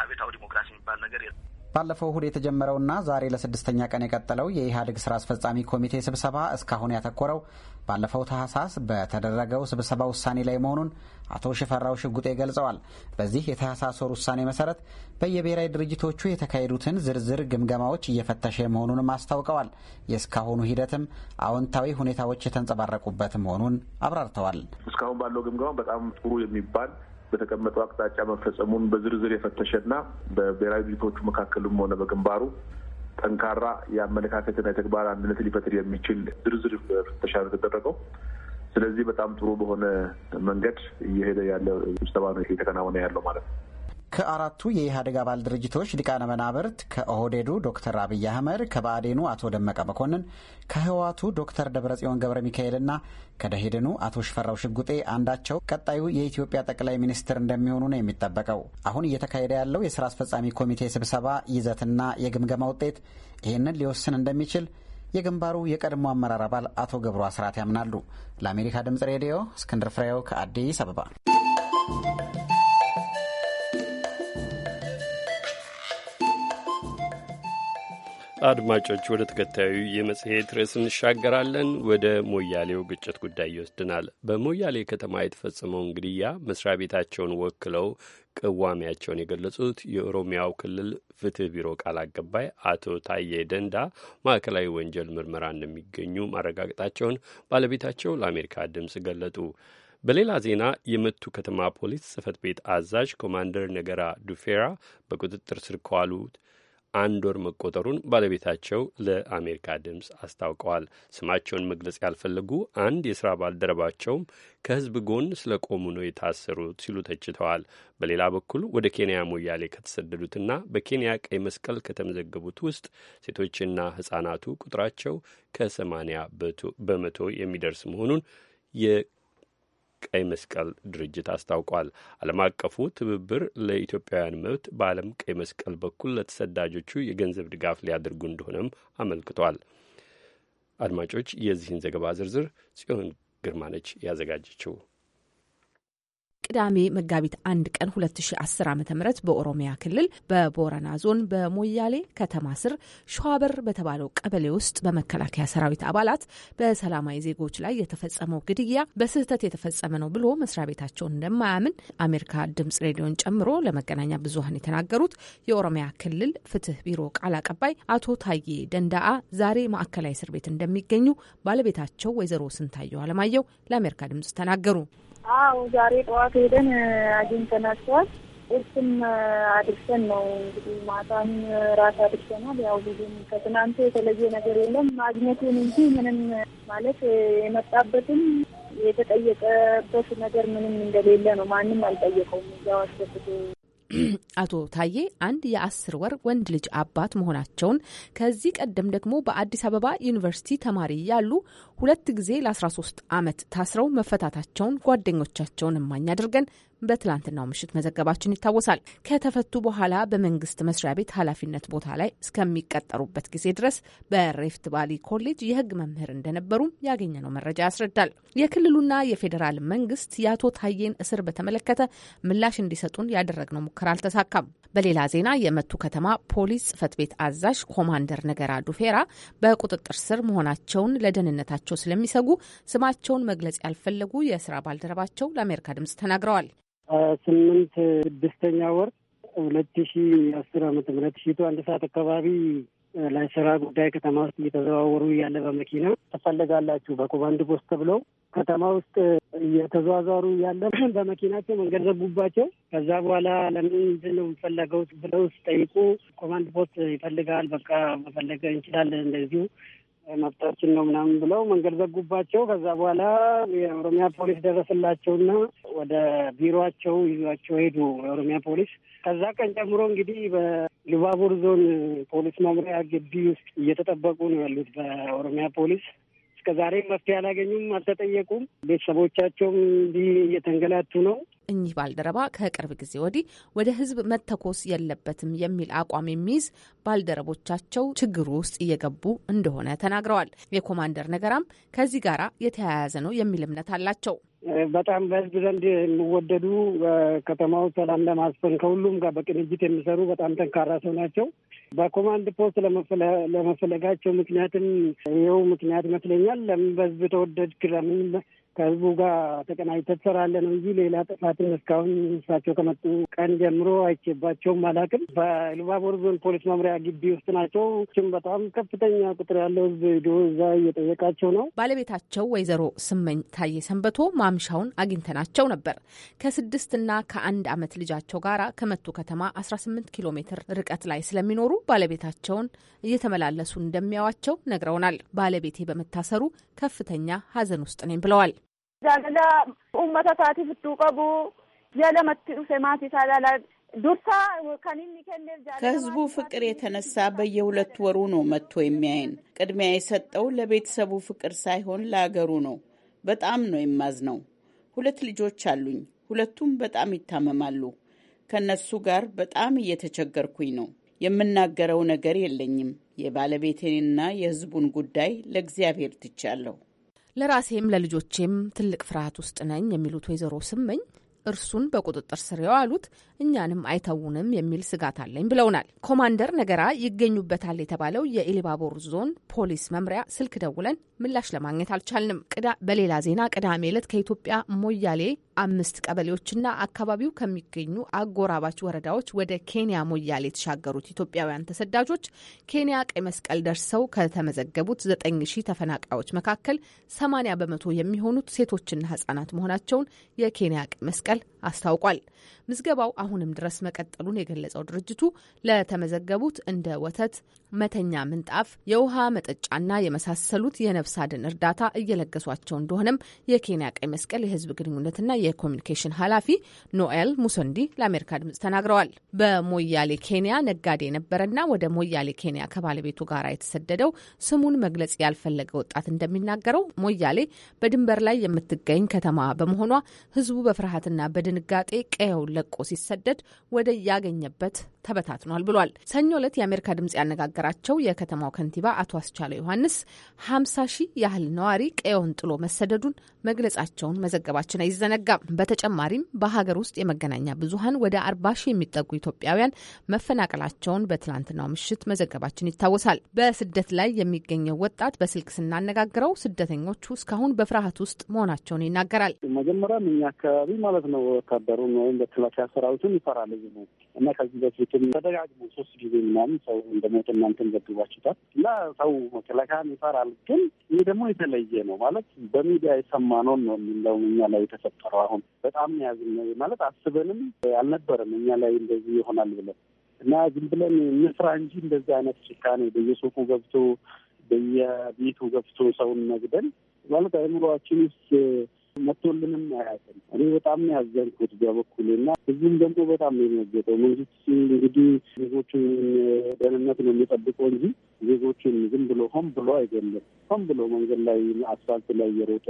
አቤታዊ ዲሞክራሲ የሚባል ነገር የለም። ባለፈው እሁድ የተጀመረውና ዛሬ ለስድስተኛ ቀን የቀጠለው የኢህአዴግ ስራ አስፈጻሚ ኮሚቴ ስብሰባ እስካሁን ያተኮረው ባለፈው ታህሳስ በተደረገው ስብሰባ ውሳኔ ላይ መሆኑን አቶ ሽፈራው ሽጉጤ ገልጸዋል። በዚህ የታህሳስ ወር ውሳኔ መሰረት በየብሔራዊ ድርጅቶቹ የተካሄዱትን ዝርዝር ግምገማዎች እየፈተሸ መሆኑንም አስታውቀዋል። የእስካሁኑ ሂደትም አዎንታዊ ሁኔታዎች የተንጸባረቁበት መሆኑን አብራርተዋል። እስካሁን ባለው ግምገማ በጣም ጥሩ የሚባል በተቀመጠው አቅጣጫ መፈጸሙን በዝርዝር የፈተሸና በብሔራዊ ድርጅቶቹ መካከልም ሆነ በግንባሩ ጠንካራ የአመለካከትና የተግባር አንድነት ሊፈጥር የሚችል ዝርዝር ፍተሻ ነው የተደረገው። ስለዚህ በጣም ጥሩ በሆነ መንገድ እየሄደ ያለ ስብሰባ ነው እየተከናወነ ያለው ማለት ነው። ከአራቱ የኢህአዴግ አባል ድርጅቶች ሊቃነ መናብርት ከኦህዴዱ ዶክተር አብይ አህመድ፣ ከባዴኑ አቶ ደመቀ መኮንን፣ ከህወሓቱ ዶክተር ደብረጽዮን ገብረ ሚካኤልና ከደሄድኑ አቶ ሽፈራው ሽጉጤ አንዳቸው ቀጣዩ የኢትዮጵያ ጠቅላይ ሚኒስትር እንደሚሆኑ ነው የሚጠበቀው። አሁን እየተካሄደ ያለው የስራ አስፈጻሚ ኮሚቴ ስብሰባ ይዘትና የግምገማ ውጤት ይህንን ሊወስን እንደሚችል የግንባሩ የቀድሞ አመራር አባል አቶ ገብሩ አስራት ያምናሉ። ለአሜሪካ ድምጽ ሬዲዮ እስክንድር ፍሬው ከአዲስ አበባ አድማጮች ወደ ተከታዩ የመጽሔት ርዕስ እንሻገራለን። ወደ ሞያሌው ግጭት ጉዳይ ይወስድናል። በሞያሌ ከተማ የተፈጸመውን ግድያ መስሪያ ቤታቸውን ወክለው ቅዋሜያቸውን የገለጹት የኦሮሚያው ክልል ፍትህ ቢሮ ቃል አቀባይ አቶ ታዬ ደንዳ ማዕከላዊ ወንጀል ምርመራ እንደሚገኙ ማረጋገጣቸውን ባለቤታቸው ለአሜሪካ ድምፅ ገለጡ። በሌላ ዜና የመቱ ከተማ ፖሊስ ጽህፈት ቤት አዛዥ ኮማንደር ነገራ ዱፌራ በቁጥጥር ስር ከዋሉት አንድ ወር መቆጠሩን ባለቤታቸው ለአሜሪካ ድምፅ አስታውቀዋል። ስማቸውን መግለጽ ያልፈለጉ አንድ የስራ ባልደረባቸውም ከህዝብ ጎን ስለ ቆሙ ነው የታሰሩት ሲሉ ተችተዋል። በሌላ በኩል ወደ ኬንያ ሞያሌ ከተሰደዱትና በኬንያ ቀይ መስቀል ከተመዘገቡት ውስጥ ሴቶችና ህጻናቱ ቁጥራቸው ከሰማንያ በመቶ የሚደርስ መሆኑን ቀይ መስቀል ድርጅት አስታውቋል። ዓለም አቀፉ ትብብር ለኢትዮጵያውያን መብት በዓለም ቀይ መስቀል በኩል ለተሰዳጆቹ የገንዘብ ድጋፍ ሊያደርጉ እንደሆነም አመልክቷል። አድማጮች፣ የዚህን ዘገባ ዝርዝር ጽዮን ግርማ ነች ያዘጋጀችው። ቅዳሜ መጋቢት አንድ ቀን 2010 ዓ ም በኦሮሚያ ክልል በቦረና ዞን በሞያሌ ከተማ ስር ሸዋበር በተባለው ቀበሌ ውስጥ በመከላከያ ሰራዊት አባላት በሰላማዊ ዜጎች ላይ የተፈጸመው ግድያ በስህተት የተፈጸመ ነው ብሎ መስሪያ ቤታቸውን እንደማያምን አሜሪካ ድምጽ ሬዲዮን ጨምሮ ለመገናኛ ብዙሀን የተናገሩት የኦሮሚያ ክልል ፍትህ ቢሮ ቃል አቀባይ አቶ ታዬ ደንዳአ ዛሬ ማዕከላዊ እስር ቤት እንደሚገኙ ባለቤታቸው ወይዘሮ ስንታየው አለማየሁ ለአሜሪካ ድምጽ ተናገሩ። አዎ ዛሬ ጠዋት ሄደን አግኝተናቸዋል። ቁርስም አድርሰን ነው እንግዲህ ማታም ራት አድርሰናል። ያው ብዙም ከትናንቱ የተለየ ነገር የለም ማግኘቱን እንጂ ምንም ማለት የመጣበትም የተጠየቀበት ነገር ምንም እንደሌለ ነው። ማንም አልጠየቀውም እዛው አስገብቶ አቶ ታዬ አንድ የአስር ወር ወንድ ልጅ አባት መሆናቸውን ከዚህ ቀደም ደግሞ በአዲስ አበባ ዩኒቨርሲቲ ተማሪ ያሉ ሁለት ጊዜ ለ13 ዓመት ታስረው መፈታታቸውን ጓደኞቻቸውን እማኝ አድርገን በትላንትናው ምሽት መዘገባችን ይታወሳል። ከተፈቱ በኋላ በመንግስት መስሪያ ቤት ኃላፊነት ቦታ ላይ እስከሚቀጠሩበት ጊዜ ድረስ በሬፍት ባሊ ኮሌጅ የህግ መምህር እንደነበሩም ያገኘነው መረጃ ያስረዳል። የክልሉና የፌዴራል መንግስት የአቶ ታዬን እስር በተመለከተ ምላሽ እንዲሰጡን ያደረግነው ሙከራ አልተሳካም። በሌላ ዜና የመቱ ከተማ ፖሊስ ጽህፈት ቤት አዛዥ ኮማንደር ነገራ ዱፌራ በቁጥጥር ስር መሆናቸውን ለደህንነታቸው ስለሚሰጉ ስማቸውን መግለጽ ያልፈለጉ የስራ ባልደረባቸው ለአሜሪካ ድምጽ ተናግረዋል። ስምንት ስድስተኛ ወር ሁለት ሺ አስር አመት ምረት ሽቱ አንድ ሰዓት አካባቢ ለስራ ጉዳይ ከተማ ውስጥ እየተዘዋወሩ እያለ በመኪና ትፈለጋላችሁ በኮማንድ ፖስት ተብለው ከተማ ውስጥ እየተዘዋዘሩ እያለ በመኪናቸው መንገድ ዘጉባቸው። ከዛ በኋላ ለምንድን ነው የምፈለገው ብለው ሲጠይቁ ኮማንድ ፖስት ይፈልጋል፣ በቃ መፈለገ እንችላለን እንደዚሁ መብታችን ነው ምናምን ብለው መንገድ ዘጉባቸው። ከዛ በኋላ የኦሮሚያ ፖሊስ ደረስላቸውና ወደ ቢሮቸው ይዟቸው ሄዱ የኦሮሚያ ፖሊስ። ከዛ ቀን ጀምሮ እንግዲህ በኢሉባቡር ዞን ፖሊስ መምሪያ ግቢ ውስጥ እየተጠበቁ ነው ያሉት በኦሮሚያ ፖሊስ። እስከ ዛሬም መፍትሄ አላገኙም፣ አልተጠየቁም። ቤተሰቦቻቸውም እንዲህ እየተንገላቱ ነው። እኚህ ባልደረባ ከቅርብ ጊዜ ወዲህ ወደ ህዝብ መተኮስ የለበትም የሚል አቋም የሚይዝ ባልደረቦቻቸው ችግሩ ውስጥ እየገቡ እንደሆነ ተናግረዋል። የኮማንደር ነገራም ከዚህ ጋራ የተያያዘ ነው የሚል እምነት አላቸው። በጣም በህዝብ ዘንድ የሚወደዱ ከተማው ሰላም ለማስፈን ከሁሉም ጋር በቅንጅት የሚሰሩ በጣም ጠንካራ ሰው ናቸው። በኮማንድ ፖስት ለመፈለጋቸው ምክንያትም ይኸው ምክንያት ይመስለኛል። ለምን በህዝብ ተወደድክ? ለምን ከህዝቡ ጋር ተቀናጅተህ ትሰራለህ ነው እንጂ ሌላ ጥፋትን እስካሁን እሳቸው ከመጡ ቀን ጀምሮ አይቼባቸውም አላውቅም። በኢሉባቦር ዞን ፖሊስ መምሪያ ግቢ ውስጥ ናቸው። ችም በጣም ከፍተኛ ቁጥር ያለው ህዝብ ሄዶ እዛ እየጠየቃቸው ነው። ባለቤታቸው ወይዘሮ ስመኝ ታየ ሰንበቶ ማምሻውን አግኝተናቸው ነበር። ከስድስት ከአንድ አመት ልጃቸው ጋራ ከመቱ ከተማ 18 ኪሎ ሜትር ርቀት ላይ ስለሚኖሩ ባለቤታቸውን እየተመላለሱ እንደሚያዋቸው ነግረውናል። ባለቤቴ በመታሰሩ ከፍተኛ ሀዘን ውስጥ ነኝ ብለዋል። jaalala uummata isaatiif itti qabu jallamatti dhufe maatii isaa ilaalaa ዱርሳ ከህዝቡ ፍቅር የተነሳ በየሁለት ወሩ ነው መጥቶ የሚያይን። ቅድሚያ የሰጠው ለቤተሰቡ ፍቅር ሳይሆን ለአገሩ ነው። በጣም ነው የማዝነው። ሁለት ልጆች አሉኝ። ሁለቱም በጣም ይታመማሉ። ከእነሱ ጋር በጣም እየተቸገርኩኝ ነው። የምናገረው ነገር የለኝም። የባለቤቴንና የህዝቡን ጉዳይ ለእግዚአብሔር ትቻለሁ። ለራሴም ለልጆቼም ትልቅ ፍርሃት ውስጥ ነኝ የሚሉት ወይዘሮ ስመኝ እርሱን በቁጥጥር ስር የዋሉት እኛንም አይተውንም የሚል ስጋት አለኝ ብለውናል። ኮማንደር ነገራ ይገኙበታል የተባለው የኢሊባቦር ዞን ፖሊስ መምሪያ ስልክ ደውለን ምላሽ ለማግኘት አልቻልንም። በሌላ ዜና ቅዳሜ ዕለት ከኢትዮጵያ ሞያሌ አምስት ቀበሌዎችና አካባቢው ከሚገኙ አጎራባች ወረዳዎች ወደ ኬንያ ሞያሌ የተሻገሩት ኢትዮጵያውያን ተሰዳጆች ኬንያ ቀይ መስቀል ደርሰው ከተመዘገቡት ዘጠኝ ሺህ ተፈናቃዮች መካከል ሰማኒያ በመቶ የሚሆኑት ሴቶችና ህጻናት መሆናቸውን የኬንያ ቀይ መስቀል አስታውቋል። ምዝገባው አሁንም ድረስ መቀጠሉን የገለጸው ድርጅቱ ለተመዘገቡት እንደ ወተት፣ መተኛ ምንጣፍ፣ የውሃ መጠጫና የመሳሰሉት የነብስ የነፍስ አድን እርዳታ እየለገሷቸው እንደሆነም የኬንያ ቀይ መስቀል የህዝብ ግንኙነትና የኮሚኒኬሽን ኃላፊ ኖኤል ሙሶንዲ ለአሜሪካ ድምጽ ተናግረዋል። በሞያሌ ኬንያ ነጋዴ የነበረና ወደ ሞያሌ ኬንያ ከባለቤቱ ጋር የተሰደደው ስሙን መግለጽ ያልፈለገ ወጣት እንደሚናገረው ሞያሌ በድንበር ላይ የምትገኝ ከተማ በመሆኗ ህዝቡ በፍርሃትና በድንጋጤ ቀየውን ለቆ ሲሰደድ ወደ ያገኘበት ተበታትኗል ብሏል። ሰኞ ዕለት የአሜሪካ ድምጽ ያነጋገራቸው የከተማው ከንቲባ አቶ አስቻለ ዮሐንስ 50 ሺህ ያህል ነዋሪ ቀየውን ጥሎ መሰደዱን መግለጻቸውን መዘገባችን አይዘነጋም። በተጨማሪም በሀገር ውስጥ የመገናኛ ብዙሀን ወደ አርባ ሺህ የሚጠጉ ኢትዮጵያውያን መፈናቀላቸውን በትላንትናው ምሽት መዘገባችን ይታወሳል። በስደት ላይ የሚገኘው ወጣት በስልክ ስናነጋግረው ስደተኞቹ እስካሁን በፍርሃት ውስጥ መሆናቸውን ይናገራል። መጀመሪያም እኛ አካባቢ ማለት ነው ወታደሩን ወይም በተላካ ሰራዊቱን ይፈራል። እና ከዚህ በፊትም ተደጋግሞ ሶስት ጊዜ ምናምን ሰው እንደሞተ እናንተን ዘግባችሁታል። እና ሰው መከላከያን ይፈራል። ግን ይህ ደግሞ የተለየ ነው ማለት በሚዲያ የሰማነውን ነው የሚለው እኛ ላይ የተፈጠረው አሁን በጣም ያዝ ማለት አስበንም አልነበረም እኛ ላይ እንደዚህ ይሆናል ብለን እና ዝም ብለን እንስራ እንጂ እንደዚህ አይነት ጭካኔ በየሱቁ ገብቶ በየቤቱ ገብቶ ሰውን መግደል ማለት አእምሯችን ውስጥ መቶልንም አያውቅም። እኔ በጣም ያዘንኩት በበኩል እና እዚህም ደግሞ በጣም ነው መንግስት እንግዲህ ዜጎችን ደህንነት ነው የሚጠብቀው እንጂ ዜጎችን ዝም ብሎ ሆን ብሎ አይገልም። ሆን ብሎ መንገድ ላይ አስፋልት ላይ የሮጠ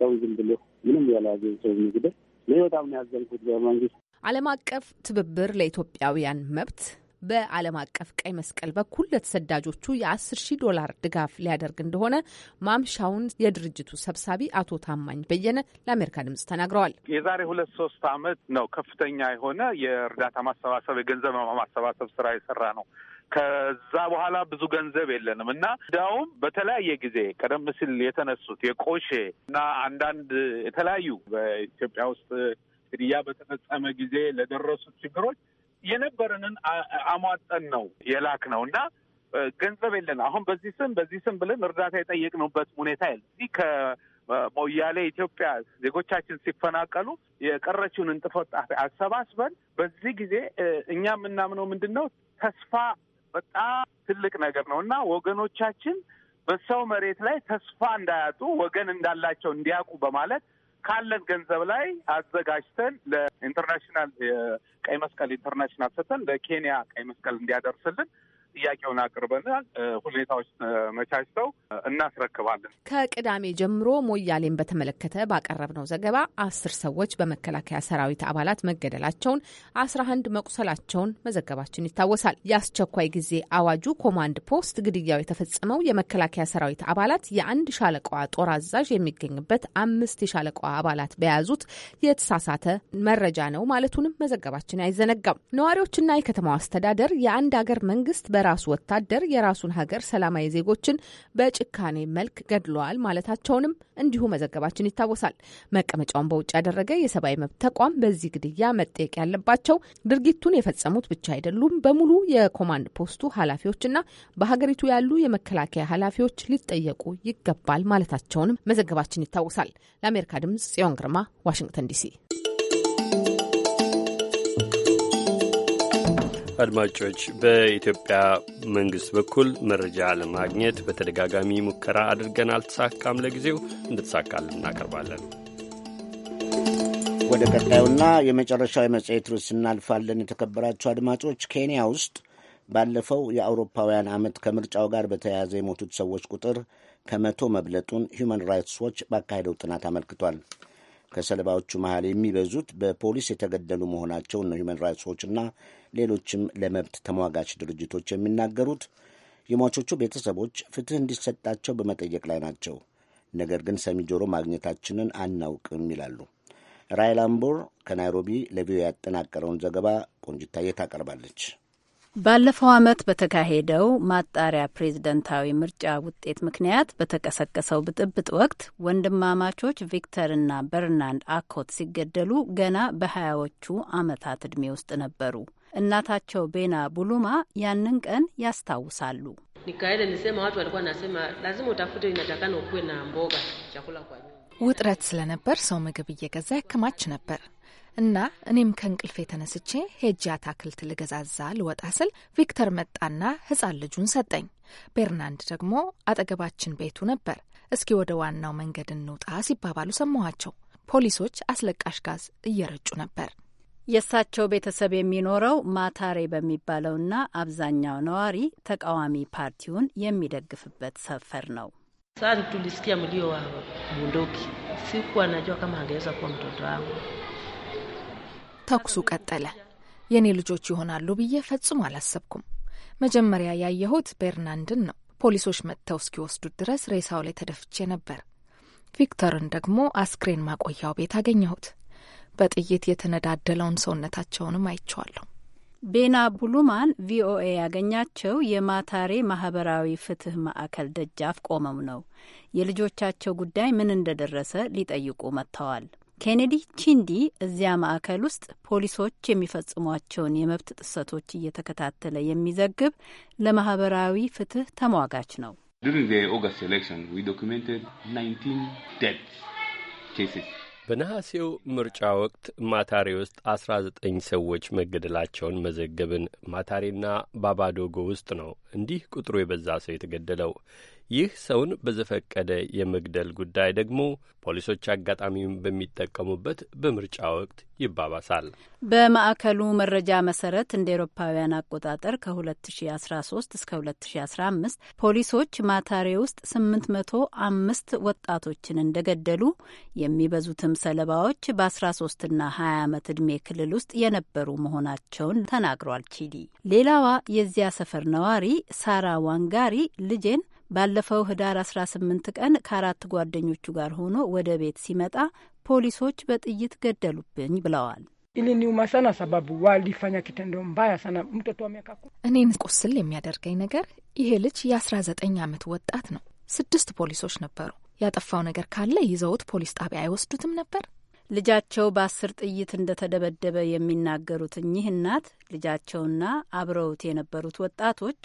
ሰው ዝም ብሎ ምንም ያላዘ ሰው የሚግደል እኔ በጣም ያዘንኩት በመንግስት ዓለም አቀፍ ትብብር ለኢትዮጵያውያን መብት በዓለም አቀፍ ቀይ መስቀል በኩል ለተሰዳጆቹ የ10 ሺህ ዶላር ድጋፍ ሊያደርግ እንደሆነ ማምሻውን የድርጅቱ ሰብሳቢ አቶ ታማኝ በየነ ለአሜሪካ ድምጽ ተናግረዋል። የዛሬ ሁለት ሶስት ዓመት ነው ከፍተኛ የሆነ የእርዳታ ማሰባሰብ የገንዘብ ማሰባሰብ ስራ የሰራ ነው። ከዛ በኋላ ብዙ ገንዘብ የለንም እና እንዲያውም በተለያየ ጊዜ ቀደም ሲል የተነሱት የቆሼ እና አንዳንድ የተለያዩ በኢትዮጵያ ውስጥ ግድያ በተፈጸመ ጊዜ ለደረሱት ችግሮች የነበረንን አሟጠን ነው የላክ ነው እና ገንዘብ የለን። አሁን በዚህ ስም በዚህ ስም ብለን እርዳታ የጠየቅንበት ሁኔታ የለ። እዚህ ከሞያሌ ኢትዮጵያ ዜጎቻችን ሲፈናቀሉ የቀረችውን እንጥፍጣፊ አሰባስበን በዚህ ጊዜ እኛ የምናምነው ምንድን ነው ተስፋ በጣም ትልቅ ነገር ነው እና ወገኖቻችን በሰው መሬት ላይ ተስፋ እንዳያጡ ወገን እንዳላቸው እንዲያውቁ በማለት ካለን ገንዘብ ላይ አዘጋጅተን ለኢንተርናሽናል ቀይ መስቀል ኢንተርናሽናል ሰተን ለኬንያ ቀይ መስቀል እንዲያደርስልን ጥያቄውን አቅርበናል። ሁኔታዎች መቻችተው እናስረክባለን። ከቅዳሜ ጀምሮ ሞያሌን በተመለከተ ባቀረብነው ዘገባ አስር ሰዎች በመከላከያ ሰራዊት አባላት መገደላቸውን፣ አስራ አንድ መቁሰላቸውን መዘገባችን ይታወሳል። የአስቸኳይ ጊዜ አዋጁ ኮማንድ ፖስት ግድያው የተፈጸመው የመከላከያ ሰራዊት አባላት የአንድ ሻለቃዋ ጦር አዛዥ የሚገኝበት አምስት የሻለቃዋ አባላት በያዙት የተሳሳተ መረጃ ነው ማለቱንም መዘገባችን አይዘነጋም። ነዋሪዎችና የከተማው አስተዳደር የአንድ አገር መንግስት በ በራሱ ወታደር የራሱን ሀገር ሰላማዊ ዜጎችን በጭካኔ መልክ ገድለዋል ማለታቸውንም እንዲሁ መዘገባችን ይታወሳል። መቀመጫውን በውጭ ያደረገ የሰብአዊ መብት ተቋም በዚህ ግድያ መጠየቅ ያለባቸው ድርጊቱን የፈጸሙት ብቻ አይደሉም፣ በሙሉ የኮማንድ ፖስቱ ኃላፊዎችና በሀገሪቱ ያሉ የመከላከያ ኃላፊዎች ሊጠየቁ ይገባል ማለታቸውንም መዘገባችን ይታወሳል። ለአሜሪካ ድምጽ ጽዮን ግርማ ዋሽንግተን ዲሲ አድማጮች በኢትዮጵያ መንግስት በኩል መረጃ ለማግኘት በተደጋጋሚ ሙከራ አድርገን አልተሳካም። ለጊዜው እንደተሳካልን እናቀርባለን። ወደ ቀጣዩና የመጨረሻው የመጽሔት ርዕስ እናልፋለን። የተከበራቸው አድማጮች ኬንያ ውስጥ ባለፈው የአውሮፓውያን ዓመት ከምርጫው ጋር በተያያዘ የሞቱት ሰዎች ቁጥር ከመቶ መብለጡን ሁማን ራይትስ ዎች ባካሄደው ጥናት አመልክቷል። ከሰለባዎቹ መሃል የሚበዙት በፖሊስ የተገደሉ መሆናቸውን ነው ሁማን ራይትስ ዎችና ሌሎችም ለመብት ተሟጋች ድርጅቶች የሚናገሩት የሟቾቹ ቤተሰቦች ፍትህ እንዲሰጣቸው በመጠየቅ ላይ ናቸው። ነገር ግን ሰሚ ጆሮ ማግኘታችንን አናውቅም ይላሉ። ራይ ከናይሮቢ ለቪኦኤ ያጠናቀረውን ዘገባ ቆንጅታዬ ታቀርባለች። ባለፈው ዓመት በተካሄደው ማጣሪያ ፕሬዝደንታዊ ምርጫ ውጤት ምክንያት በተቀሰቀሰው ብጥብጥ ወቅት ወንድማማቾች ቪክተርና በርናንድ አኮት ሲገደሉ ገና በሀያዎቹ ዓመታት ዕድሜ ውስጥ ነበሩ። እናታቸው ቤና ቡሉማ ያንን ቀን ያስታውሳሉ። ውጥረት ስለነበር ሰው ምግብ እየገዛ ያከማች ነበር እና እኔም ከእንቅልፌ ተነስቼ ሄጄ አታክልት ልገዛዛ ልወጣ ስል ቪክተር መጣና ህፃን ልጁን ሰጠኝ። ቤርናንድ ደግሞ አጠገባችን ቤቱ ነበር። እስኪ ወደ ዋናው መንገድ እንውጣ ሲባባሉ ሰማኋቸው። ፖሊሶች አስለቃሽ ጋዝ እየረጩ ነበር። የእሳቸው ቤተሰብ የሚኖረው ማታሬ በሚባለውና አብዛኛው ነዋሪ ተቃዋሚ ፓርቲውን የሚደግፍበት ሰፈር ነው። ተኩሱ ቀጠለ። የእኔ ልጆች ይሆናሉ ብዬ ፈጽሞ አላሰብኩም። መጀመሪያ ያየሁት ቤርናንድን ነው። ፖሊሶች መጥተው እስኪወስዱት ድረስ ሬሳው ላይ ተደፍቼ ነበር። ቪክተርን ደግሞ አስክሬን ማቆያው ቤት አገኘሁት። በጥይት የተነዳደለውን ሰውነታቸውንም አይቸዋለሁ። ቤና ቡሉማን ቪኦኤ ያገኛቸው የማታሬ ማህበራዊ ፍትህ ማዕከል ደጃፍ ቆመው ነው። የልጆቻቸው ጉዳይ ምን እንደደረሰ ሊጠይቁ መጥተዋል። ኬኔዲ ቺንዲ እዚያ ማዕከል ውስጥ ፖሊሶች የሚፈጽሟቸውን የመብት ጥሰቶች እየተከታተለ የሚዘግብ ለማህበራዊ ፍትህ ተሟጋች ነው። ዱሪንግ ኦገስት ኤሌክሽን 19 በነሐሴው ምርጫ ወቅት ማታሬ ውስጥ አስራ ዘጠኝ ሰዎች መገደላቸውን መዘገብን። ማታሬና ባባዶጎ ውስጥ ነው እንዲህ ቁጥሩ የበዛ ሰው የተገደለው። ይህ ሰውን በዘፈቀደ የመግደል ጉዳይ ደግሞ ፖሊሶች አጋጣሚውን በሚጠቀሙበት በምርጫ ወቅት ይባባሳል። በማዕከሉ መረጃ መሰረት እንደ ኤሮፓውያን አቆጣጠር ከ2013 እስከ 2015 ፖሊሶች ማታሬ ውስጥ 805 ወጣቶችን እንደገደሉ የሚበዙትም ሰለባዎች በ13ና 20 ዓመት ዕድሜ ክልል ውስጥ የነበሩ መሆናቸውን ተናግሯል። ቺዲ ሌላዋ የዚያ ሰፈር ነዋሪ ሳራ ዋንጋሪ ልጄን ባለፈው ህዳር 18 ቀን ከአራት ጓደኞቹ ጋር ሆኖ ወደ ቤት ሲመጣ ፖሊሶች በጥይት ገደሉብኝ ብለዋል። እኔን ቁስል የሚያደርገኝ ነገር ይሄ ልጅ የአስራ ዘጠኝ አመት ወጣት ነው። ስድስት ፖሊሶች ነበሩ። ያጠፋው ነገር ካለ ይዘውት ፖሊስ ጣቢያ አይወስዱትም ነበር? ልጃቸው በአስር ጥይት እንደተደበደበ የሚናገሩት እኚህ እናት ልጃቸውና አብረውት የነበሩት ወጣቶች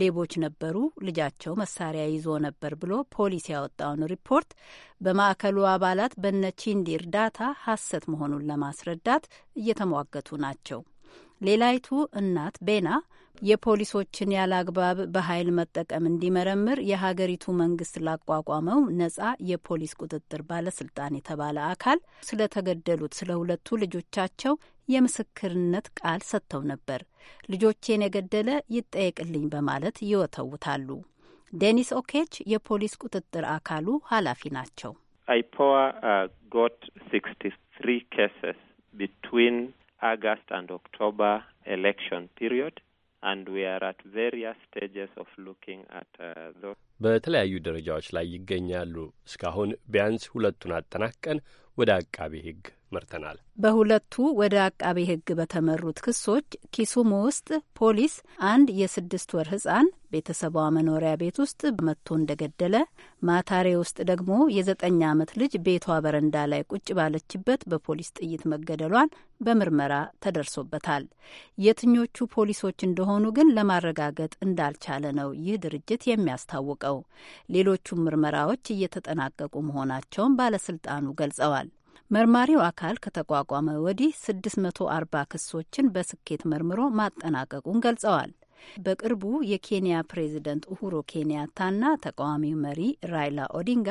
ሌቦች ነበሩ፣ ልጃቸው መሳሪያ ይዞ ነበር ብሎ ፖሊስ ያወጣውን ሪፖርት በማዕከሉ አባላት በነቺንዲ እርዳታ ሐሰት መሆኑን ለማስረዳት እየተሟገቱ ናቸው። ሌላይቱ እናት ቤና የፖሊሶችን ያለአግባብ በኃይል መጠቀም እንዲመረምር የሀገሪቱ መንግስት ላቋቋመው ነጻ የፖሊስ ቁጥጥር ባለስልጣን የተባለ አካል ስለተገደሉት ስለ ሁለቱ ልጆቻቸው የምስክርነት ቃል ሰጥተው ነበር። ልጆቼን የገደለ ይጠየቅልኝ በማለት ይወተውታሉ። ዴኒስ ኦኬች የፖሊስ ቁጥጥር አካሉ ኃላፊ ናቸው። አይፖዋ ጎት ሲክስቲ ትሪ ኬሰስ ቢትዊን August and October election period. Uh, በተለያዩ ደረጃዎች ላይ ይገኛሉ። እስካሁን ቢያንስ ሁለቱን አጠናቀን ወደ አቃቢ ሕግ መርተናል። በሁለቱ ወደ አቃቤ ሕግ በተመሩት ክሶች ኪሱሙ ውስጥ ፖሊስ አንድ የስድስት ወር ሕጻን ቤተሰቧ መኖሪያ ቤት ውስጥ መጥቶ እንደገደለ፣ ማታሬ ውስጥ ደግሞ የዘጠኝ ዓመት ልጅ ቤቷ በረንዳ ላይ ቁጭ ባለችበት በፖሊስ ጥይት መገደሏን በምርመራ ተደርሶበታል። የትኞቹ ፖሊሶች እንደሆኑ ግን ለማረጋገጥ እንዳልቻለ ነው ይህ ድርጅት የሚያስታውቀው። ሌሎቹም ምርመራዎች እየተጠናቀቁ መሆናቸውን ባለስልጣኑ ገልጸዋል። መርማሪው አካል ከተቋቋመ ወዲህ 640 ክሶችን በስኬት መርምሮ ማጠናቀቁን ገልጸዋል። በቅርቡ የኬንያ ፕሬዚደንት ኡሁሩ ኬንያታና ተቃዋሚው መሪ ራይላ ኦዲንጋ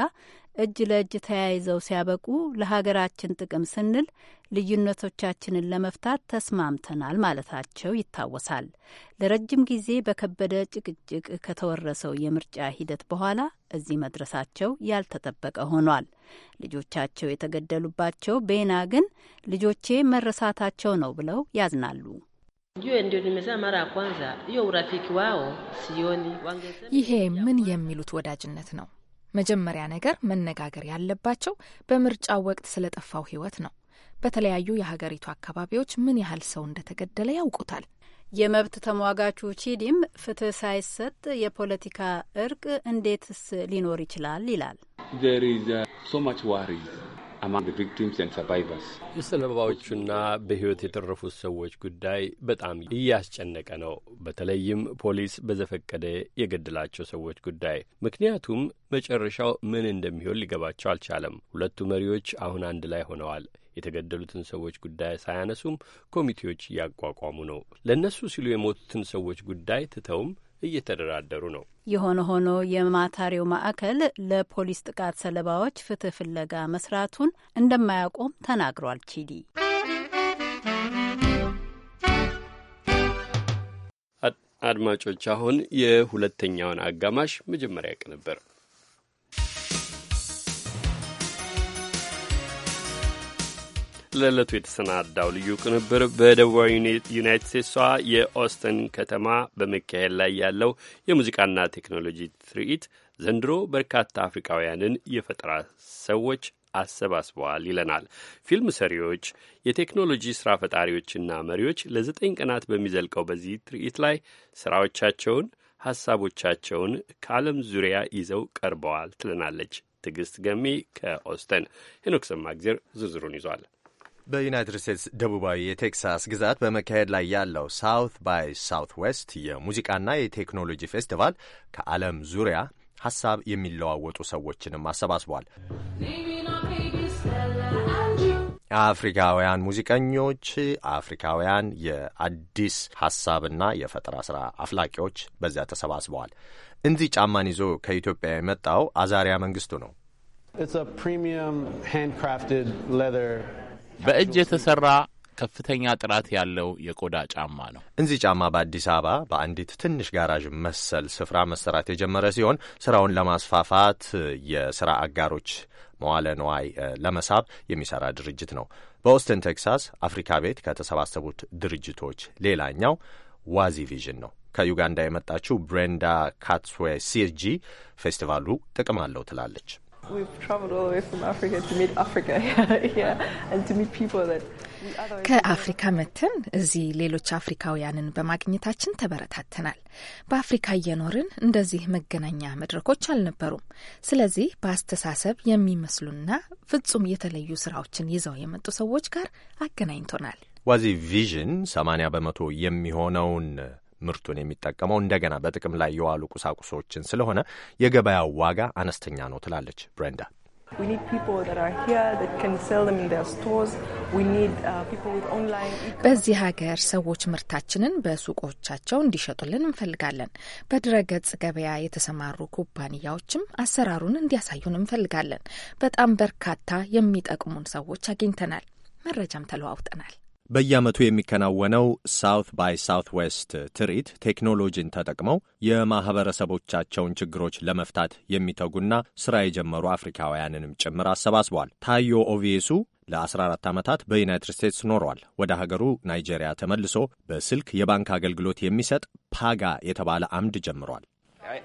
እጅ ለእጅ ተያይዘው ሲያበቁ ለሀገራችን ጥቅም ስንል ልዩነቶቻችንን ለመፍታት ተስማምተናል ማለታቸው ይታወሳል። ለረጅም ጊዜ በከበደ ጭቅጭቅ ከተወረሰው የምርጫ ሂደት በኋላ እዚህ መድረሳቸው ያልተጠበቀ ሆኗል። ልጆቻቸው የተገደሉባቸው ቤና ግን ልጆቼ መረሳታቸው ነው ብለው ያዝናሉ። ይሄ ምን የሚሉት ወዳጅነት ነው? መጀመሪያ ነገር መነጋገር ያለባቸው በምርጫው ወቅት ስለጠፋው ህይወት ነው። በተለያዩ የሀገሪቱ አካባቢዎች ምን ያህል ሰው እንደተገደለ ያውቁታል። የመብት ተሟጋቹ ቺዲም ፍትህ ሳይሰጥ የፖለቲካ እርቅ እንዴትስ ሊኖር ይችላል ይላል። ሰለባዎቹና በሕይወት የተረፉት ሰዎች ጉዳይ በጣም እያስጨነቀ ነው። በተለይም ፖሊስ በዘፈቀደ የገደላቸው ሰዎች ጉዳይ፣ ምክንያቱም መጨረሻው ምን እንደሚሆን ሊገባቸው አልቻለም። ሁለቱ መሪዎች አሁን አንድ ላይ ሆነዋል። የተገደሉትን ሰዎች ጉዳይ ሳያነሱም ኮሚቴዎች እያቋቋሙ ነው። ለእነሱ ሲሉ የሞቱትን ሰዎች ጉዳይ ትተውም እየተደራደሩ ነው። የሆነ ሆኖ የማታሪው ማዕከል ለፖሊስ ጥቃት ሰለባዎች ፍትህ ፍለጋ መስራቱን እንደማያቆም ተናግሯል። ቺዲ አድማጮች፣ አሁን የሁለተኛውን አጋማሽ መጀመሪያ ቅንብር ለዕለቱ የተሰናዳው ልዩ ቅንብር በደቡባዊ ዩናይት ስቴትሷ የኦስተን ከተማ በመካሄድ ላይ ያለው የሙዚቃና ቴክኖሎጂ ትርኢት ዘንድሮ በርካታ አፍሪካውያንን የፈጠራ ሰዎች አሰባስበዋል ይለናል። ፊልም ሰሪዎች፣ የቴክኖሎጂ ሥራ ፈጣሪዎችና መሪዎች ለዘጠኝ ቀናት በሚዘልቀው በዚህ ትርኢት ላይ ሥራዎቻቸውን፣ ሐሳቦቻቸውን ከዓለም ዙሪያ ይዘው ቀርበዋል ትለናለች ትዕግስት ገሜ ከኦስተን። ሄኖክ ዝርዝሩን ይዟል። በዩናይትድ ስቴትስ ደቡባዊ የቴክሳስ ግዛት በመካሄድ ላይ ያለው ሳውት ባይ ሳውት ዌስት የሙዚቃና የቴክኖሎጂ ፌስቲቫል ከዓለም ዙሪያ ሀሳብ የሚለዋወጡ ሰዎችንም አሰባስቧል። አፍሪካውያን ሙዚቀኞች፣ አፍሪካውያን የአዲስ ሀሳብና የፈጠራ ስራ አፍላቂዎች በዚያ ተሰባስበዋል። እንዲህ ጫማን ይዞ ከኢትዮጵያ የመጣው አዛሪያ መንግስቱ ነው። በእጅ የተሰራ ከፍተኛ ጥራት ያለው የቆዳ ጫማ ነው። እንዚህ ጫማ በአዲስ አበባ በአንዲት ትንሽ ጋራዥ መሰል ስፍራ መሰራት የጀመረ ሲሆን ስራውን ለማስፋፋት የስራ አጋሮች መዋለ ነዋይ ለመሳብ የሚሰራ ድርጅት ነው። በኦስትን ቴክሳስ አፍሪካ ቤት ከተሰባሰቡት ድርጅቶች ሌላኛው ዋዚ ቪዥን ነው። ከዩጋንዳ የመጣችው ብሬንዳ ካትስዌ ሲርጂ ፌስቲቫሉ ጥቅም አለው ትላለች። ከአፍሪካ መተን እዚህ ሌሎች አፍሪካውያንን በማግኘታችን ተበረታተናል። በአፍሪካ እየኖርን እንደዚህ መገናኛ መድረኮች አልነበሩም። ስለዚህ በአስተሳሰብ የሚመስሉና ፍጹም የተለዩ ስራዎችን ይዘው የመጡ ሰዎች ጋር አገናኝቶናል። ዋዚ ቪዥን 80 በመቶ የሚሆነውን ምርቱን የሚጠቀመው እንደገና በጥቅም ላይ የዋሉ ቁሳቁሶችን ስለሆነ የገበያው ዋጋ አነስተኛ ነው ትላለች ብሬንዳ። uh, በዚህ ሀገር ሰዎች ምርታችንን በሱቆቻቸው እንዲሸጡልን እንፈልጋለን። በድረገጽ ገበያ የተሰማሩ ኩባንያዎችም አሰራሩን እንዲያሳዩን እንፈልጋለን። በጣም በርካታ የሚጠቅሙን ሰዎች አግኝተናል። መረጃም ተለዋውጠናል። በየዓመቱ የሚከናወነው ሳውት ባይ ሳውት ዌስት ትርኢት ቴክኖሎጂን ተጠቅመው የማኅበረሰቦቻቸውን ችግሮች ለመፍታት የሚተጉና ሥራ የጀመሩ አፍሪካውያንንም ጭምር አሰባስቧል። ታዮ ኦቪየሱ ለ14 ዓመታት በዩናይትድ ስቴትስ ኖሯል። ወደ ሀገሩ ናይጄሪያ ተመልሶ በስልክ የባንክ አገልግሎት የሚሰጥ ፓጋ የተባለ አምድ ጀምሯል።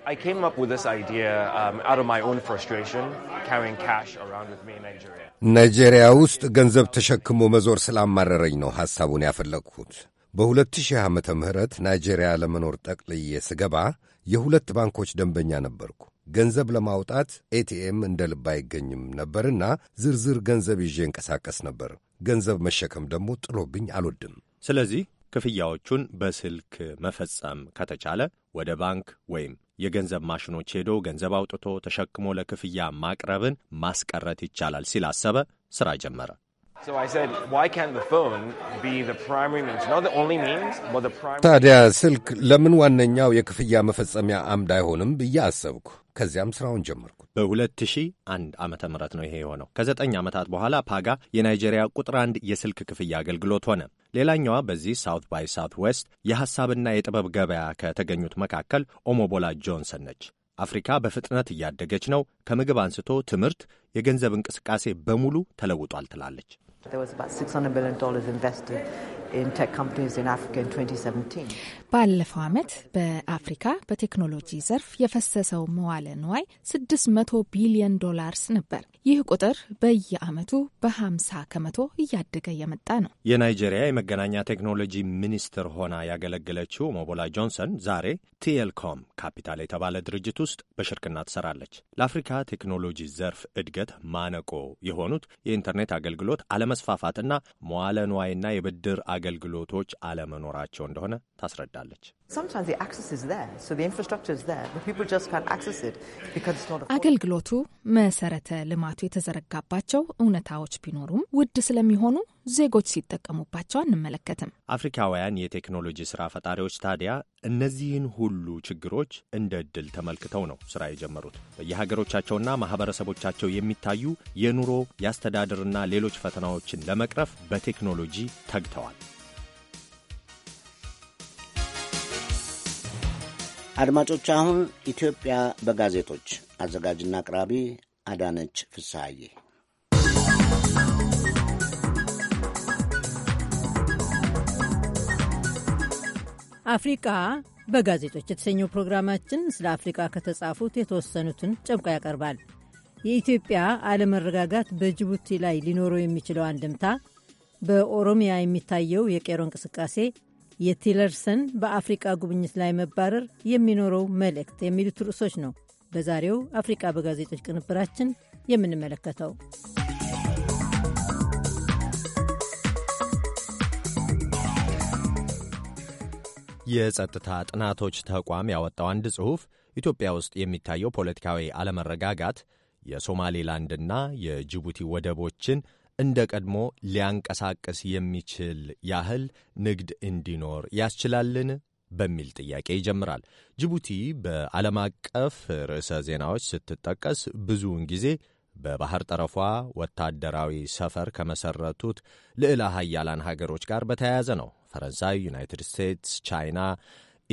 I came up with this idea um, out of my own frustration, carrying cash around with me in Nigeria. ናይጄሪያ ውስጥ ገንዘብ ተሸክሞ መዞር ስላማረረኝ ነው ሐሳቡን ያፈለኩት በ በ2000 ዓመተ ምህረት ናይጄሪያ ለመኖር ጠቅልዬ ስገባ የሁለት ባንኮች ደንበኛ ነበርኩ። ገንዘብ ለማውጣት ኤቲኤም እንደ ልብ አይገኝም ነበርና ዝርዝር ገንዘብ ይዤ እንቀሳቀስ ነበር። ገንዘብ መሸከም ደግሞ ጥሎብኝ አልወድም። ስለዚህ ክፍያዎቹን በስልክ መፈጸም ከተቻለ ወደ ባንክ ወይም የገንዘብ ማሽኖች ሄዶ ገንዘብ አውጥቶ ተሸክሞ ለክፍያ ማቅረብን ማስቀረት ይቻላል ሲል አሰበ። ስራ ጀመረ። ታዲያ ስልክ ለምን ዋነኛው የክፍያ መፈጸሚያ አምድ አይሆንም ብዬ አሰብኩ። ከዚያም ስራውን ጀመርኩት። በ2001 ዓ ም ነው ይሄ የሆነው። ከዘጠኝ ዓመታት በኋላ ፓጋ የናይጄሪያ ቁጥር አንድ የስልክ ክፍያ አገልግሎት ሆነ። ሌላኛዋ በዚህ ሳውት ባይ ሳውት ዌስት የሐሳብና የጥበብ ገበያ ከተገኙት መካከል ኦሞቦላ ጆንሰን ነች። አፍሪካ በፍጥነት እያደገች ነው። ከምግብ አንስቶ ትምህርት፣ የገንዘብ እንቅስቃሴ በሙሉ ተለውጧል ትላለች። ባለፈው ዓመት በአፍሪካ በቴክኖሎጂ ዘርፍ የፈሰሰው መዋለ ንዋይ 600 ቢሊዮን ዶላርስ ነበር። ይህ ቁጥር በየዓመቱ በ50 ከመቶ እያደገ የመጣ ነው። የናይጄሪያ የመገናኛ ቴክኖሎጂ ሚኒስትር ሆና ያገለገለችው ሞቦላ ጆንሰን ዛሬ ቲኤልኮም ካፒታል የተባለ ድርጅት ውስጥ በሽርክና ትሰራለች። ለአፍሪካ ቴክኖሎጂ ዘርፍ እድገት ማነቆ የሆኑት የኢንተርኔት አገልግሎት አለመስፋፋትና መዋለ ንዋይና የብድር አገልግሎቶች አለመኖራቸው እንደሆነ ታስረዳለች። አገልግሎቱ መሰረተ ልማቱ የተዘረጋባቸው እውነታዎች ቢኖሩም ውድ ስለሚሆኑ ዜጎች ሲጠቀሙባቸው አንመለከትም። አፍሪካውያን የቴክኖሎጂ ስራ ፈጣሪዎች ታዲያ እነዚህን ሁሉ ችግሮች እንደ እድል ተመልክተው ነው ስራ የጀመሩት። በየሀገሮቻቸውና ማህበረሰቦቻቸው የሚታዩ የኑሮ የአስተዳደርና ሌሎች ፈተናዎችን ለመቅረፍ በቴክኖሎጂ ተግተዋል። አድማጮች፣ አሁን ኢትዮጵያ በጋዜጦች አዘጋጅና አቅራቢ አዳነች ፍስሐዬ። አፍሪቃ በጋዜጦች የተሰኘው ፕሮግራማችን ስለ አፍሪቃ ከተጻፉት የተወሰኑትን ጨምቆ ያቀርባል። የኢትዮጵያ አለመረጋጋት በጅቡቲ ላይ ሊኖረው የሚችለው አንድምታ፣ በኦሮሚያ የሚታየው የቄሮ እንቅስቃሴ የቲለርሰን በአፍሪቃ ጉብኝት ላይ መባረር የሚኖረው መልእክት የሚሉት ርዕሶች ነው በዛሬው አፍሪቃ በጋዜጦች ቅንብራችን የምንመለከተው። የጸጥታ ጥናቶች ተቋም ያወጣው አንድ ጽሑፍ ኢትዮጵያ ውስጥ የሚታየው ፖለቲካዊ አለመረጋጋት የሶማሌላንድና የጅቡቲ ወደቦችን እንደ ቀድሞ ሊያንቀሳቅስ የሚችል ያህል ንግድ እንዲኖር ያስችላልን በሚል ጥያቄ ይጀምራል። ጅቡቲ በዓለም አቀፍ ርዕሰ ዜናዎች ስትጠቀስ ብዙውን ጊዜ በባህር ጠረፏ ወታደራዊ ሰፈር ከመሰረቱት ልዕለ ሀያላን ሀገሮች ጋር በተያያዘ ነው። ፈረንሳይ፣ ዩናይትድ ስቴትስ፣ ቻይና፣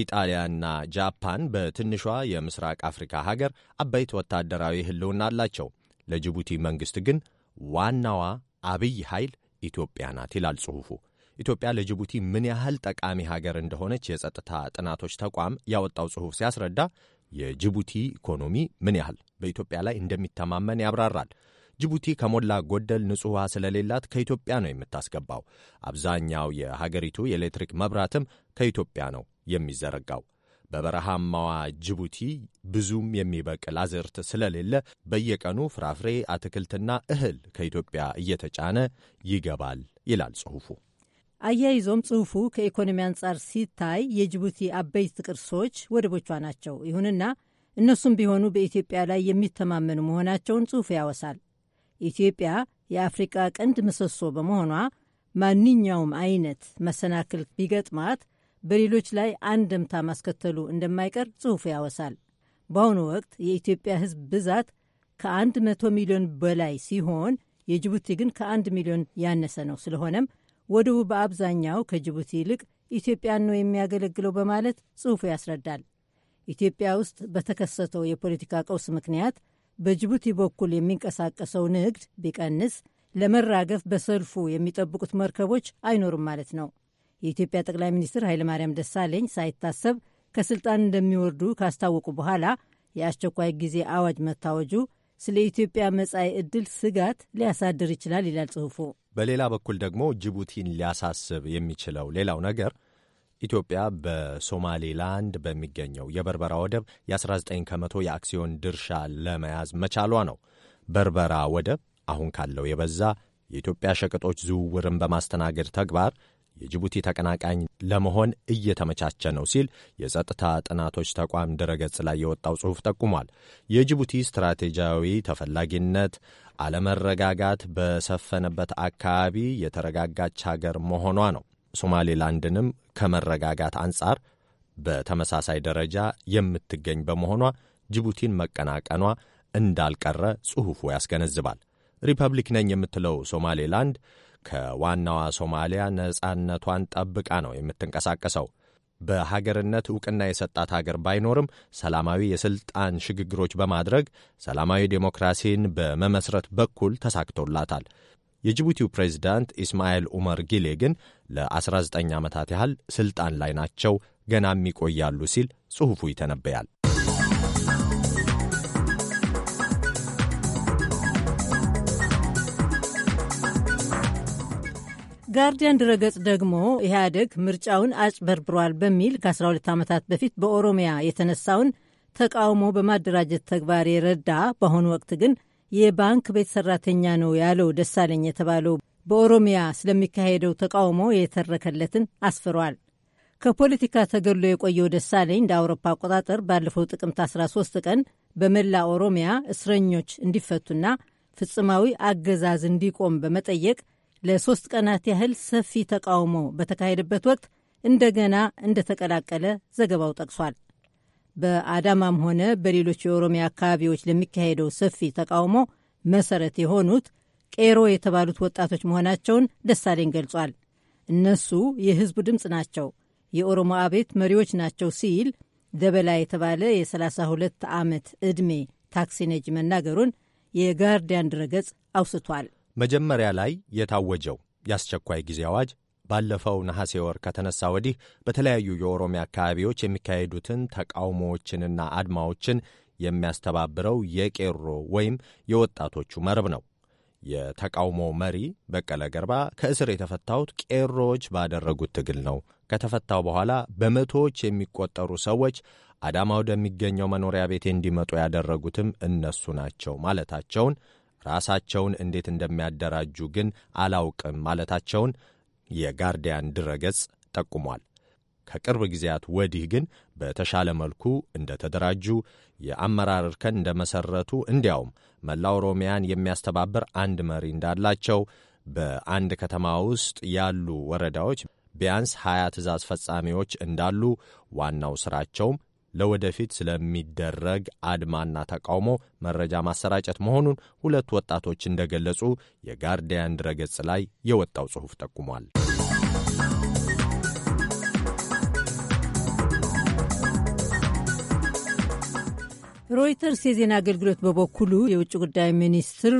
ኢጣሊያና ጃፓን በትንሿ የምስራቅ አፍሪካ ሀገር አበይት ወታደራዊ ህልውና አላቸው። ለጅቡቲ መንግሥት ግን ዋናዋ አብይ ኃይል ኢትዮጵያ ናት ይላል ጽሑፉ። ኢትዮጵያ ለጅቡቲ ምን ያህል ጠቃሚ ሀገር እንደሆነች የጸጥታ ጥናቶች ተቋም ያወጣው ጽሑፍ ሲያስረዳ የጅቡቲ ኢኮኖሚ ምን ያህል በኢትዮጵያ ላይ እንደሚተማመን ያብራራል። ጅቡቲ ከሞላ ጎደል ንጹሕ ውሃ ስለሌላት ከኢትዮጵያ ነው የምታስገባው። አብዛኛው የሀገሪቱ የኤሌክትሪክ መብራትም ከኢትዮጵያ ነው የሚዘረጋው። በበረሃማዋ ጅቡቲ ብዙም የሚበቅል አዝርት ስለሌለ በየቀኑ ፍራፍሬ፣ አትክልትና እህል ከኢትዮጵያ እየተጫነ ይገባል ይላል ጽሑፉ። አያይዞም ጽሑፉ ከኢኮኖሚ አንጻር ሲታይ የጅቡቲ አበይት ቅርሶች ወደቦቿ ናቸው። ይሁንና እነሱም ቢሆኑ በኢትዮጵያ ላይ የሚተማመኑ መሆናቸውን ጽሑፉ ያወሳል። ኢትዮጵያ የአፍሪቃ ቀንድ ምሰሶ በመሆኗ ማንኛውም አይነት መሰናክል ቢገጥማት በሌሎች ላይ አንድምታ ማስከተሉ እንደማይቀር ጽሑፉ ያወሳል። በአሁኑ ወቅት የኢትዮጵያ ሕዝብ ብዛት ከአንድ መቶ ሚሊዮን በላይ ሲሆን የጅቡቲ ግን ከአንድ ሚሊዮን ያነሰ ነው። ስለሆነም ወደቡ በአብዛኛው ከጅቡቲ ይልቅ ኢትዮጵያን ነው የሚያገለግለው በማለት ጽሑፉ ያስረዳል። ኢትዮጵያ ውስጥ በተከሰተው የፖለቲካ ቀውስ ምክንያት በጅቡቲ በኩል የሚንቀሳቀሰው ንግድ ቢቀንስ ለመራገፍ በሰልፉ የሚጠብቁት መርከቦች አይኖርም ማለት ነው። የኢትዮጵያ ጠቅላይ ሚኒስትር ኃይለማርያም ደሳለኝ ሳይታሰብ ከስልጣን እንደሚወርዱ ካስታወቁ በኋላ የአስቸኳይ ጊዜ አዋጅ መታወጁ ስለ ኢትዮጵያ መጻኢ ዕድል ስጋት ሊያሳድር ይችላል ይላል ጽሑፉ። በሌላ በኩል ደግሞ ጅቡቲን ሊያሳስብ የሚችለው ሌላው ነገር ኢትዮጵያ በሶማሌላንድ በሚገኘው የበርበራ ወደብ የ19 ከመቶ የአክሲዮን ድርሻ ለመያዝ መቻሏ ነው። በርበራ ወደብ አሁን ካለው የበዛ የኢትዮጵያ ሸቀጦች ዝውውርን በማስተናገድ ተግባር የጅቡቲ ተቀናቃኝ ለመሆን እየተመቻቸ ነው ሲል የጸጥታ ጥናቶች ተቋም ድረገጽ ላይ የወጣው ጽሑፍ ጠቁሟል። የጅቡቲ ስትራቴጂያዊ ተፈላጊነት አለመረጋጋት በሰፈነበት አካባቢ የተረጋጋች ሀገር መሆኗ ነው። ሶማሌላንድንም ከመረጋጋት አንጻር በተመሳሳይ ደረጃ የምትገኝ በመሆኗ ጅቡቲን መቀናቀኗ እንዳልቀረ ጽሑፉ ያስገነዝባል። ሪፐብሊክ ነኝ የምትለው ሶማሌላንድ ከዋናዋ ሶማሊያ ነጻነቷን ጠብቃ ነው የምትንቀሳቀሰው። በሀገርነት እውቅና የሰጣት ሀገር ባይኖርም ሰላማዊ የስልጣን ሽግግሮች በማድረግ ሰላማዊ ዴሞክራሲን በመመስረት በኩል ተሳክቶላታል። የጅቡቲው ፕሬዚዳንት ኢስማኤል ኡመር ጊሌ ግን ለ19 ዓመታት ያህል ስልጣን ላይ ናቸው፣ ገናም ይቆያሉ ሲል ጽሑፉ ይተነበያል። ጋርዲያን ድረገጽ ደግሞ ኢህአደግ ምርጫውን አጭበርብሯል በሚል ከ12 ዓመታት በፊት በኦሮሚያ የተነሳውን ተቃውሞ በማደራጀት ተግባር የረዳ በአሁኑ ወቅት ግን የባንክ ቤት ሰራተኛ ነው ያለው ደሳለኝ የተባለው በኦሮሚያ ስለሚካሄደው ተቃውሞ የተረከለትን አስፍሯል። ከፖለቲካ ተገሎ የቆየው ደሳለኝ እንደ አውሮፓ አቆጣጠር ባለፈው ጥቅምት 13 ቀን በመላ ኦሮሚያ እስረኞች እንዲፈቱና ፍጽማዊ አገዛዝ እንዲቆም በመጠየቅ ለሶስት ቀናት ያህል ሰፊ ተቃውሞ በተካሄደበት ወቅት እንደገና እንደተቀላቀለ ዘገባው ጠቅሷል። በአዳማም ሆነ በሌሎች የኦሮሚያ አካባቢዎች ለሚካሄደው ሰፊ ተቃውሞ መሰረት የሆኑት ቄሮ የተባሉት ወጣቶች መሆናቸውን ደሳለኝ ገልጿል። እነሱ የህዝቡ ድምፅ ናቸው፣ የኦሮሞ አቤት መሪዎች ናቸው ሲል ደበላ የተባለ የ32 ዓመት ዕድሜ ታክሲ ነጂ መናገሩን የጋርዲያን ድረገጽ አውስቷል። መጀመሪያ ላይ የታወጀው የአስቸኳይ ጊዜ አዋጅ ባለፈው ነሐሴ ወር ከተነሳ ወዲህ በተለያዩ የኦሮሚያ አካባቢዎች የሚካሄዱትን ተቃውሞዎችንና አድማዎችን የሚያስተባብረው የቄሮ ወይም የወጣቶቹ መርብ ነው። የተቃውሞ መሪ በቀለ ገርባ ከእስር የተፈታሁት ቄሮዎች ባደረጉት ትግል ነው። ከተፈታው በኋላ በመቶዎች የሚቆጠሩ ሰዎች አዳማ ወደሚገኘው መኖሪያ ቤቴ እንዲመጡ ያደረጉትም እነሱ ናቸው ማለታቸውን ራሳቸውን እንዴት እንደሚያደራጁ ግን አላውቅም ማለታቸውን የጋርዲያን ድረገጽ ጠቁሟል። ከቅርብ ጊዜያት ወዲህ ግን በተሻለ መልኩ እንደተደራጁ የአመራር እርከን መሠረቱ፣ እንዲያውም መላው ኦሮሚያን የሚያስተባብር አንድ መሪ እንዳላቸው በአንድ ከተማ ውስጥ ያሉ ወረዳዎች ቢያንስ ሀያ ትእዛዝ ፈጻሚዎች እንዳሉ ዋናው ሥራቸውም ለወደፊት ስለሚደረግ አድማና ተቃውሞ መረጃ ማሰራጨት መሆኑን ሁለት ወጣቶች እንደገለጹ የጋርዲያን ድረገጽ ላይ የወጣው ጽሑፍ ጠቁሟል። ሮይተርስ የዜና አገልግሎት በበኩሉ የውጭ ጉዳይ ሚኒስትር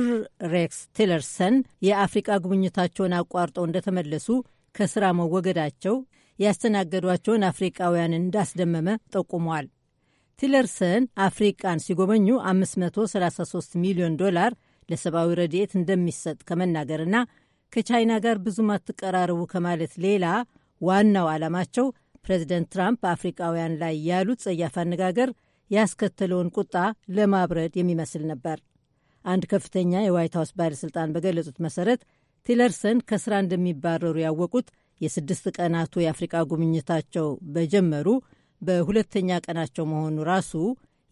ሬክስ ቲለርሰን የአፍሪቃ ጉብኝታቸውን አቋርጠው እንደተመለሱ ከስራ መወገዳቸው ያስተናገዷቸውን አፍሪቃውያንን እንዳስደመመ ጠቁመዋል። ቲለርሰን አፍሪቃን ሲጎበኙ 533 ሚሊዮን ዶላር ለሰብአዊ ረድኤት እንደሚሰጥ ከመናገርና ከቻይና ጋር ብዙም አትቀራረቡ ከማለት ሌላ ዋናው ዓላማቸው ፕሬዚደንት ትራምፕ አፍሪቃውያን ላይ ያሉት ጸያፍ አነጋገር ያስከተለውን ቁጣ ለማብረድ የሚመስል ነበር። አንድ ከፍተኛ የዋይት ሀውስ ባለሥልጣን በገለጹት መሰረት ቲለርሰን ከስራ እንደሚባረሩ ያወቁት የስድስት ቀናቱ የአፍሪቃ ጉብኝታቸው በጀመሩ በሁለተኛ ቀናቸው መሆኑ ራሱ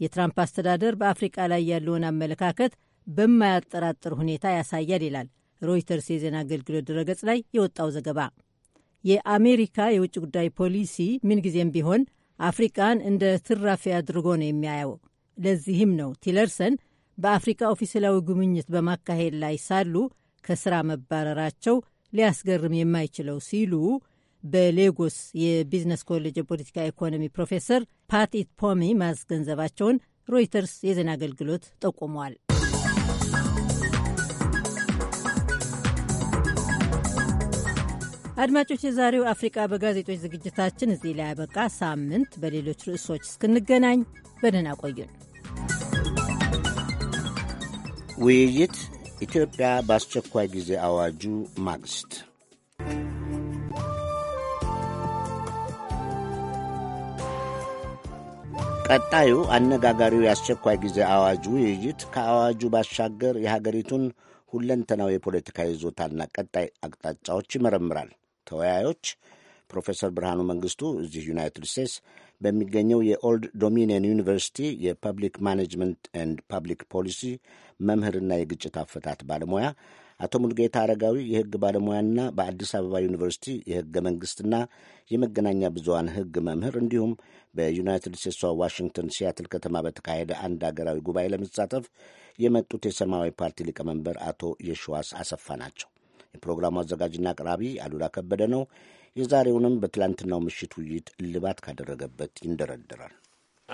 የትራምፕ አስተዳደር በአፍሪቃ ላይ ያለውን አመለካከት በማያጠራጥር ሁኔታ ያሳያል ይላል ሮይተርስ የዜና አገልግሎት ድረገጽ ላይ የወጣው ዘገባ። የአሜሪካ የውጭ ጉዳይ ፖሊሲ ምንጊዜም ቢሆን አፍሪቃን እንደ ትራፊ አድርጎ ነው የሚያየው። ለዚህም ነው ቲለርሰን በአፍሪካ ኦፊሴላዊ ጉብኝት በማካሄድ ላይ ሳሉ ከስራ መባረራቸው ሊያስገርም የማይችለው ሲሉ በሌጎስ የቢዝነስ ኮሌጅ የፖለቲካ ኢኮኖሚ ፕሮፌሰር ፓቲት ፖሚ ማስገንዘባቸውን ሮይተርስ የዜና አገልግሎት ጠቁሟል። አድማጮች፣ የዛሬው አፍሪቃ በጋዜጦች ዝግጅታችን እዚህ ላይ ያበቃ። ሳምንት በሌሎች ርዕሶች እስክንገናኝ በደህና ቆዩን። ውይይት ኢትዮጵያ በአስቸኳይ ጊዜ አዋጁ ማግስት ቀጣዩ አነጋጋሪው የአስቸኳይ ጊዜ አዋጁ ውይይት ከአዋጁ ባሻገር የሀገሪቱን ሁለንተናዊ የፖለቲካ ይዞታና ቀጣይ አቅጣጫዎች ይመረምራል። ተወያዮች ፕሮፌሰር ብርሃኑ መንግስቱ እዚህ ዩናይትድ ስቴትስ በሚገኘው የኦልድ ዶሚኒየን ዩኒቨርሲቲ የፐብሊክ ማኔጅመንት ኤንድ ፐብሊክ ፖሊሲ መምህርና የግጭት አፈታት ባለሙያ አቶ ሙልጌታ አረጋዊ የህግ ባለሙያና በአዲስ አበባ ዩኒቨርሲቲ የህገ መንግስትና የመገናኛ ብዙሃን ህግ መምህር እንዲሁም በዩናይትድ ስቴትሷ ዋሽንግተን ሲያትል ከተማ በተካሄደ አንድ አገራዊ ጉባኤ ለመሳተፍ የመጡት የሰማያዊ ፓርቲ ሊቀመንበር አቶ የሸዋስ አሰፋ ናቸው። የፕሮግራሙ አዘጋጅና አቅራቢ አሉላ ከበደ ነው። የዛሬውንም በትላንትናው ምሽት ውይይት እልባት ካደረገበት ይንደረደራል።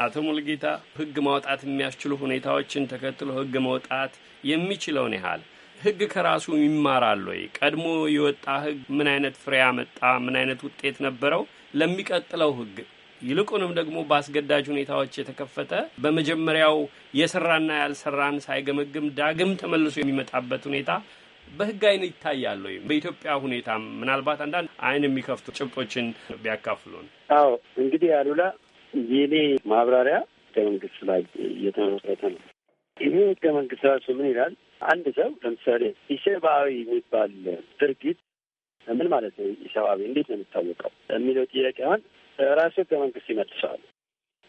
አቶ ሙልጌታ ህግ ማውጣት የሚያስችሉ ሁኔታዎችን ተከትሎ ህግ መውጣት የሚችለውን ያህል ህግ ከራሱ ይማራል ወይ? ቀድሞ የወጣ ህግ ምን አይነት ፍሬ አመጣ? ምን አይነት ውጤት ነበረው? ለሚቀጥለው ህግ ይልቁንም ደግሞ በአስገዳጅ ሁኔታዎች የተከፈተ በመጀመሪያው የሰራና ያልሰራን ሳይገመግም ዳግም ተመልሶ የሚመጣበት ሁኔታ በህግ አይን ይታያል ወይም በኢትዮጵያ ሁኔታ ምናልባት አንዳንድ አይን የሚከፍቱ ጭብጦችን ቢያካፍሉን። አዎ እንግዲህ አሉላ የኔ ማብራሪያ ህገ መንግስት ላይ እየተመሰረተ ነው። ይሄ ህገ መንግስት ራሱ ምን ይላል? አንድ ሰው ለምሳሌ ኢሰብአዊ የሚባል ድርጊት ምን ማለት ነው? ኢሰብአዊ እንዴት ነው የሚታወቀው የሚለው ጥያቄ አሁን ራሱ ህገ መንግስት ይመልሰዋል።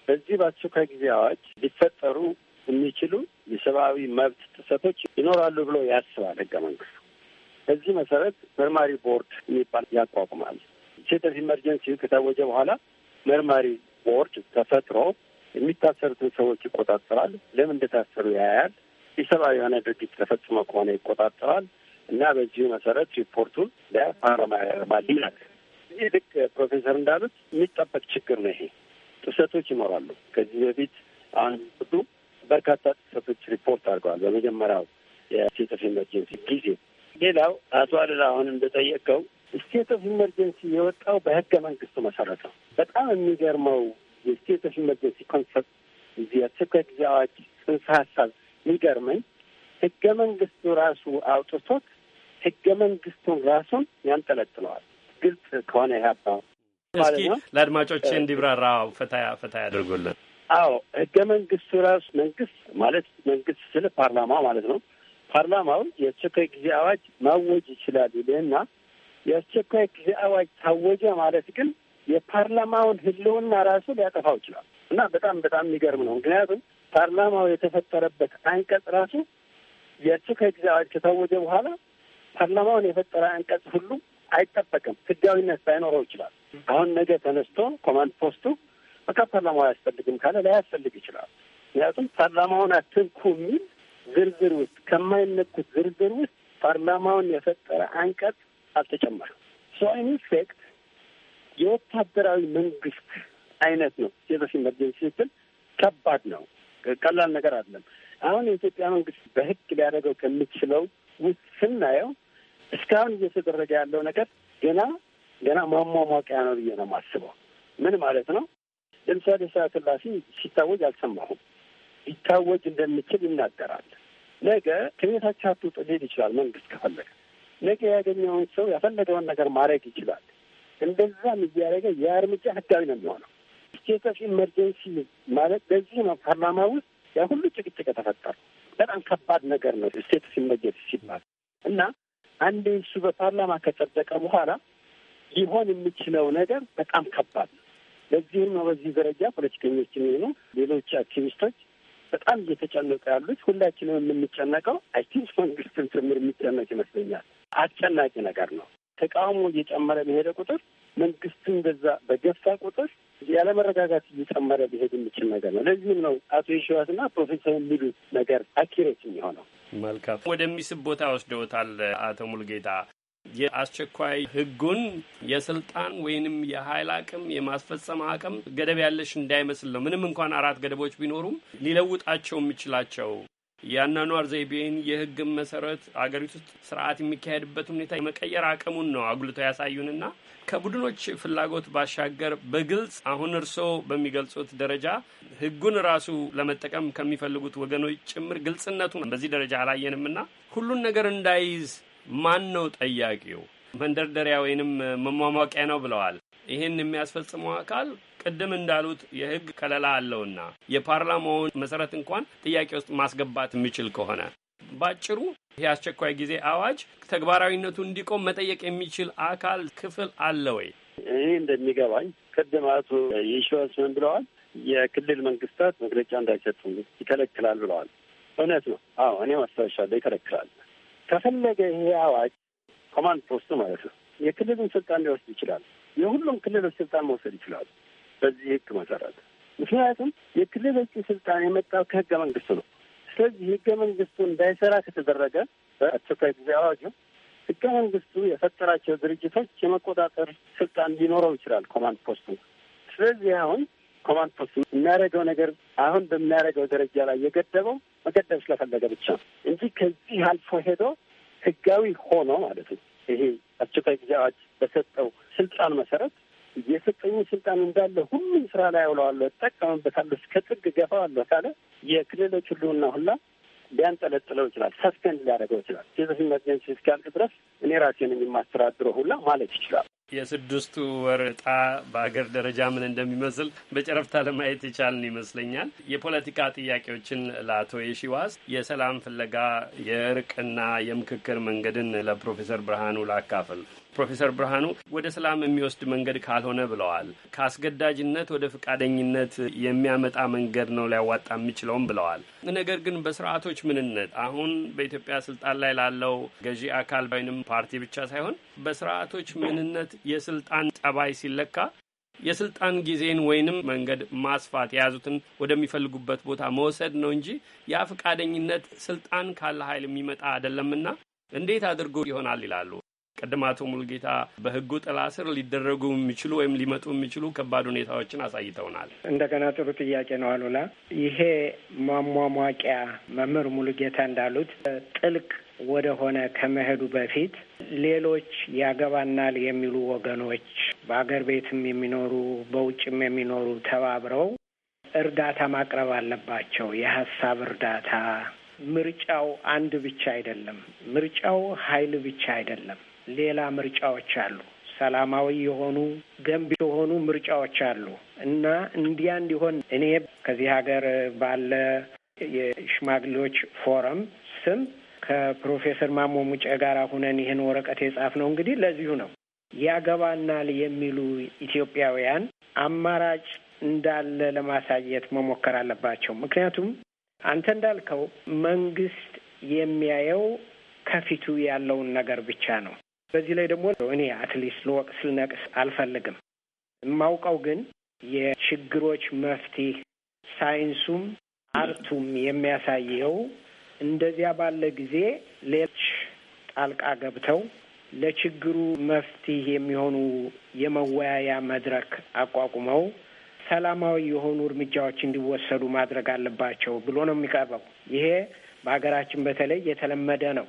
በዚህ በአስቸኳይ ጊዜ አዋጅ ሊፈጠሩ የሚችሉ የሰብአዊ መብት ጥሰቶች ይኖራሉ ብሎ ያስባል ህገ መንግስቱ። በዚህ መሰረት መርማሪ ቦርድ የሚባል ያቋቁማል። ስቴት ኦፍ ኢመርጀንሲ ከታወጀ በኋላ መርማሪ ቦርድ ተፈጥሮ የሚታሰሩትን ሰዎች ይቆጣጠራል። ለምን እንደታሰሩ ያያል። የሰብአዊ የሆነ ድርጊት ተፈጽሞ ከሆነ ይቆጣጠራል እና በዚሁ መሰረት ሪፖርቱን ለፓርላማ ያቀርባል ይላል። ይህ ልክ ፕሮፌሰር እንዳሉት የሚጠበቅ ችግር ነው። ይሄ ጥሰቶች ይኖራሉ። ከዚህ በፊት አንዱ በርካታ ጥሰቶች ሪፖርት አድርገዋል በመጀመሪያው የሴቶች ኢመርጀንሲ ጊዜ። ሌላው አቶ አደላ አሁን እንደጠየቀው ስቴት ኦፍ ኢመርጀንሲ የወጣው በህገ መንግስቱ መሰረት ነው። በጣም የሚገርመው የስቴት ኦፍ ኢመርጀንሲ ኮንሰፕት እዚህ የአስቸኳይ ጊዜ አዋጅ ጽንሰ ሀሳብ የሚገርመኝ ህገ መንግስቱ ራሱ አውጥቶት ህገ መንግስቱን ራሱን ያንጠለጥለዋል። ግልጽ ከሆነ ያባ እስኪ ለአድማጮች እንዲብራራ ፈታ ፈታ ያደርጉልን። አዎ ህገ መንግስቱ ራሱ መንግስት ማለት መንግስት ስል ፓርላማ ማለት ነው። ፓርላማው የአስቸኳይ ጊዜ አዋጅ ማወጅ ይችላል ይልህና የአስቸኳይ ጊዜ አዋጅ ታወጀ ማለት ግን የፓርላማውን ህልውና ራሱ ሊያጠፋው ይችላል እና በጣም በጣም የሚገርም ነው። ምክንያቱም ፓርላማው የተፈጠረበት አንቀጽ ራሱ የአስቸኳይ ጊዜ አዋጅ ከታወጀ በኋላ ፓርላማውን የፈጠረ አንቀጽ ሁሉ አይጠበቅም፣ ህጋዊነት ላይኖረው ይችላል። አሁን ነገ ተነስቶ ኮማንድ ፖስቱ በቃ ፓርላማው አያስፈልግም ካለ ላያስፈልግ ይችላል። ምክንያቱም ፓርላማውን አትንኩ የሚል ዝርዝር ውስጥ ከማይነኩት ዝርዝር ውስጥ ፓርላማውን የፈጠረ አንቀጽ አልተጨመረም። ሰው ኢፌክት የወታደራዊ መንግስት አይነት ነው። ሴቶች ኢመርጀንሲ ስትል ከባድ ነው፣ ቀላል ነገር አይደለም። አሁን የኢትዮጵያ መንግስት በህግ ሊያደርገው ከሚችለው ውስጥ ስናየው እስካሁን እየተደረገ ያለው ነገር ገና ገና ማሟሟቂያ ነው ብዬ ነው የማስበው። ምን ማለት ነው? ለምሳሌ ስርዓተ ሲታወጅ አልሰማሁም። ይታወጅ እንደሚችል ይናገራል። ነገ ከቤታቸው አትውጡ ሊል ይችላል መንግስት ከፈለገ ነገ ያገኘውን ሰው ያፈለገውን ነገር ማድረግ ይችላል። እንደዛም እያደረገ ያ እርምጃ ህጋዊ ነው የሚሆነው። ስቴት ኦፍ ኢመርጀንሲ ማለት በዚህ ነው። ፓርላማ ውስጥ ያ ሁሉ ጭቅጭቅ የተፈጠረው በጣም ከባድ ነገር ነው። ስቴት ኦፍ ኢመርጀንሲ ሲባል እና አንድ እሱ በፓርላማ ከጸደቀ በኋላ ሊሆን የሚችለው ነገር በጣም ከባድ ነው። ለዚህም ነው በዚህ ደረጃ ፖለቲከኞች የሚሆኑ ሌሎች አክቲቪስቶች በጣም እየተጨነቁ ያሉት። ሁላችንም የምንጨነቀው አይ ቲንክ መንግስትም ጭምር የሚጨነቅ ይመስለኛል። አስጨናቂ ነገር ነው። ተቃውሞ እየጨመረ በሄደ ቁጥር መንግስትን በዛ በገፋ ቁጥር ያለመረጋጋት እየጨመረ ሊሄድ የሚችል ነገር ነው። ለዚህም ነው አቶ የሸዋስና ፕሮፌሰር የሚሉት ነገር አኪሬት የሚሆነው። መልካም ወደሚስብ ቦታ ወስደውታል አቶ ሙልጌታ። የአስቸኳይ ህጉን የስልጣን ወይንም የኃይል አቅም የማስፈጸም አቅም ገደብ ያለሽ እንዳይመስል ነው። ምንም እንኳን አራት ገደቦች ቢኖሩም ሊለውጣቸው የሚችላቸው የአኗኗር ዘይቤን የህግን መሰረት አገሪቱ ውስጥ ስርዓት የሚካሄድበት ሁኔታ የመቀየር አቅሙን ነው አጉልቶ ያሳዩንና ከቡድኖች ፍላጎት ባሻገር በግልጽ አሁን እርስዎ በሚገልጹት ደረጃ ህጉን ራሱ ለመጠቀም ከሚፈልጉት ወገኖች ጭምር ግልጽነቱ በዚህ ደረጃ አላየንምና ሁሉን ነገር እንዳይዝ ማን ነው ጠያቂው? መንደርደሪያ ወይንም መሟሟቂያ ነው ብለዋል። ይህን የሚያስፈጽመው አካል ቅድም እንዳሉት የህግ ከለላ አለውና የፓርላማውን መሰረት እንኳን ጥያቄ ውስጥ ማስገባት የሚችል ከሆነ ባጭሩ ይህ አስቸኳይ ጊዜ አዋጅ ተግባራዊነቱ እንዲቆም መጠየቅ የሚችል አካል ክፍል አለ ወይ? እኔ እንደሚገባኝ ቅድም አቶ የሺዋስ ምን ብለዋል? የክልል መንግስታት መግለጫ እንዳይሰጡ ይከለክላል ብለዋል። እውነት ነው። አዎ እኔ ማስታወሻለሁ፣ ይከለክላል። ከፈለገ ይሄ አዋጅ ኮማንድ ፖስቱ ማለት ነው የክልሉን ስልጣን ሊወስድ ይችላል። የሁሉም ክልሎች ስልጣን መውሰድ ይችላሉ። በዚህ ህግ መሰረት። ምክንያቱም የክልሎች ስልጣን የመጣው ከህገ መንግስቱ ነው። ስለዚህ ህገ መንግስቱ እንዳይሰራ ከተደረገ በአስቸኳይ ጊዜ አዋጁ ህገ መንግስቱ የፈጠራቸው ድርጅቶች የመቆጣጠር ስልጣን ሊኖረው ይችላል ኮማንድ ፖስቱ። ስለዚህ አሁን ኮማንድ ፖስቱ የሚያደርገው ነገር አሁን በሚያደርገው ደረጃ ላይ የገደበው መገደብ ስለፈለገ ብቻ እንጂ ከዚህ አልፎ ሄዶ ህጋዊ ሆኖ ማለት ነው ይሄ አስቸኳይ ጊዜ አዋጅ በሰጠው ስልጣን መሰረት የሰጠኝ ስልጣን እንዳለ ሁሉም ስራ ላይ አውለዋለሁ፣ እጠቀምበታለሁ፣ እስከ ጥግ ገፋዋለሁ ካለ የክልሎች ሁሉና ሁላ ሊያንጠለጥለው ይችላል። ሰስፔንድ ሊያደርገው ይችላል። ሴቶች ኢመርጀንሲ እስኪያልቅ ድረስ እኔ ራሴን የማስተዳድረው ሁላ ማለት ይችላል። የስድስቱ ወር እጣ በሀገር ደረጃ ምን እንደሚመስል በጨረፍታ ለማየት የቻልን ይመስለኛል። የፖለቲካ ጥያቄዎችን ለአቶ የሺዋስ የሰላም ፍለጋ የእርቅና የምክክር መንገድን ለፕሮፌሰር ብርሃኑ ላካፍል። ፕሮፌሰር ብርሃኑ ወደ ሰላም የሚወስድ መንገድ ካልሆነ ብለዋል። ከአስገዳጅነት ወደ ፈቃደኝነት የሚያመጣ መንገድ ነው ሊያዋጣ የሚችለውም ብለዋል። ነገር ግን በስርዓቶች ምንነት አሁን በኢትዮጵያ ስልጣን ላይ ላለው ገዢ አካል ወይንም ፓርቲ ብቻ ሳይሆን በስርዓቶች ምንነት የስልጣን ጠባይ ሲለካ የስልጣን ጊዜን ወይንም መንገድ ማስፋት የያዙትን ወደሚፈልጉበት ቦታ መውሰድ ነው እንጂ ያ ፈቃደኝነት ስልጣን ካለ ኃይል የሚመጣ አይደለምና እንዴት አድርጎ ይሆናል ይላሉ። ቅድም አቶ ሙሉጌታ በህጉ ጥላ ስር ሊደረጉ የሚችሉ ወይም ሊመጡ የሚችሉ ከባድ ሁኔታዎችን አሳይተውናል። እንደገና ጥሩ ጥያቄ ነው አሉላ። ይሄ ማሟሟቂያ መምህር ሙሉጌታ እንዳሉት ጥልቅ ወደ ሆነ ከመሄዱ በፊት ሌሎች ያገባናል የሚሉ ወገኖች በአገር ቤትም የሚኖሩ በውጭም የሚኖሩ ተባብረው እርዳታ ማቅረብ አለባቸው። የሀሳብ እርዳታ ምርጫው አንድ ብቻ አይደለም። ምርጫው ኃይል ብቻ አይደለም። ሌላ ምርጫዎች አሉ። ሰላማዊ የሆኑ ገንቢ የሆኑ ምርጫዎች አሉ እና እንዲያ እንዲሆን እኔ ከዚህ ሀገር ባለ የሽማግሌዎች ፎረም ስም ከፕሮፌሰር ማሞ ሙጬ ጋር ሁነን ይህን ወረቀት የጻፍነው እንግዲህ ለዚሁ ነው። ያገባናል የሚሉ ኢትዮጵያውያን አማራጭ እንዳለ ለማሳየት መሞከር አለባቸው። ምክንያቱም አንተ እንዳልከው መንግስት የሚያየው ከፊቱ ያለውን ነገር ብቻ ነው። በዚህ ላይ ደግሞ እኔ አትሊስት ልወቅስ ልነቅስ አልፈልግም። የማውቀው ግን የችግሮች መፍትሄ ሳይንሱም አርቱም የሚያሳየው እንደዚያ ባለ ጊዜ ሌሎች ጣልቃ ገብተው ለችግሩ መፍትሄ የሚሆኑ የመወያያ መድረክ አቋቁመው ሰላማዊ የሆኑ እርምጃዎች እንዲወሰዱ ማድረግ አለባቸው ብሎ ነው የሚቀርበው። ይሄ በሀገራችን በተለይ የተለመደ ነው።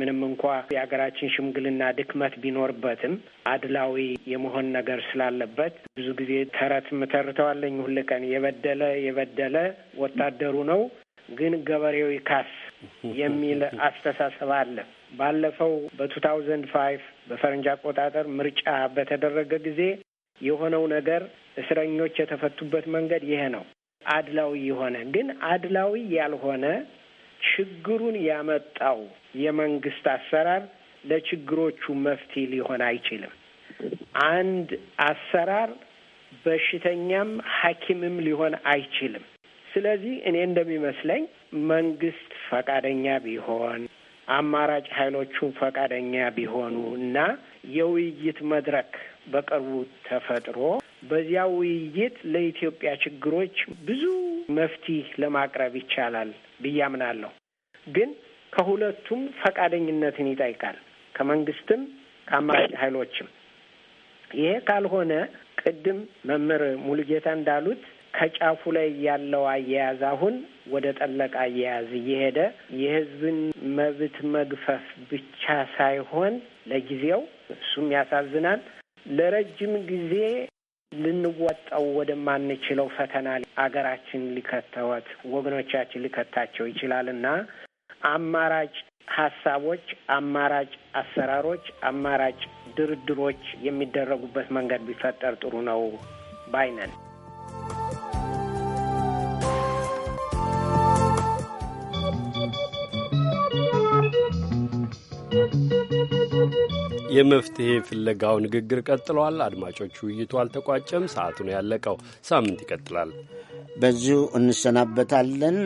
ምንም እንኳ የሀገራችን ሽምግልና ድክመት ቢኖርበትም አድላዊ የመሆን ነገር ስላለበት ብዙ ጊዜ ተረት ምተርተዋለኝ ሁል ቀን የበደለ የበደለ ወታደሩ ነው ግን ገበሬው ይካስ የሚል አስተሳሰብ አለ። ባለፈው በቱ ታውዘንድ ፋይቭ በፈረንጅ አቆጣጠር ምርጫ በተደረገ ጊዜ የሆነው ነገር እስረኞች የተፈቱበት መንገድ ይሄ ነው። አድላዊ የሆነ ግን አድላዊ ያልሆነ ችግሩን ያመጣው የመንግስት አሰራር ለችግሮቹ መፍትሄ ሊሆን አይችልም። አንድ አሰራር በሽተኛም ሐኪምም ሊሆን አይችልም። ስለዚህ እኔ እንደሚመስለኝ መንግስት ፈቃደኛ ቢሆን አማራጭ ኃይሎቹ ፈቃደኛ ቢሆኑ እና የውይይት መድረክ በቅርቡ ተፈጥሮ በዚያ ውይይት ለኢትዮጵያ ችግሮች ብዙ መፍትሄ ለማቅረብ ይቻላል ብዬ አምናለሁ። ግን ከሁለቱም ፈቃደኝነትን ይጠይቃል፣ ከመንግስትም ከአማራጭ ኃይሎችም። ይሄ ካልሆነ ቅድም መምህር ሙሉጌታ እንዳሉት ከጫፉ ላይ ያለው አያያዝ አሁን ወደ ጠለቅ አያያዝ እየሄደ የህዝብን መብት መግፈፍ ብቻ ሳይሆን ለጊዜው እሱም ያሳዝናል፣ ለረጅም ጊዜ ልንወጣው ወደማንችለው ፈተና አገራችን ሊከተወት ወገኖቻችን ሊከታቸው ይችላል አማራጭ ሀሳቦች፣ አማራጭ አሰራሮች፣ አማራጭ ድርድሮች የሚደረጉበት መንገድ ቢፈጠር ጥሩ ነው ባይነን። የመፍትሄ ፍለጋው ንግግር ቀጥሏል። አድማጮች፣ ውይይቱ አልተቋጨም። ሰዓቱ ነው ያለቀው። ሳምንት ይቀጥላል። በዚሁ እንሰናበታለን።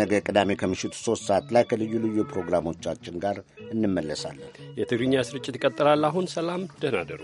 ነገ ቅዳሜ ከምሽቱ ሶስት ሰዓት ላይ ከልዩ ልዩ ፕሮግራሞቻችን ጋር እንመለሳለን። የትግርኛ ስርጭት ይቀጥላል። አሁን ሰላም፣ ደህና ደሩ።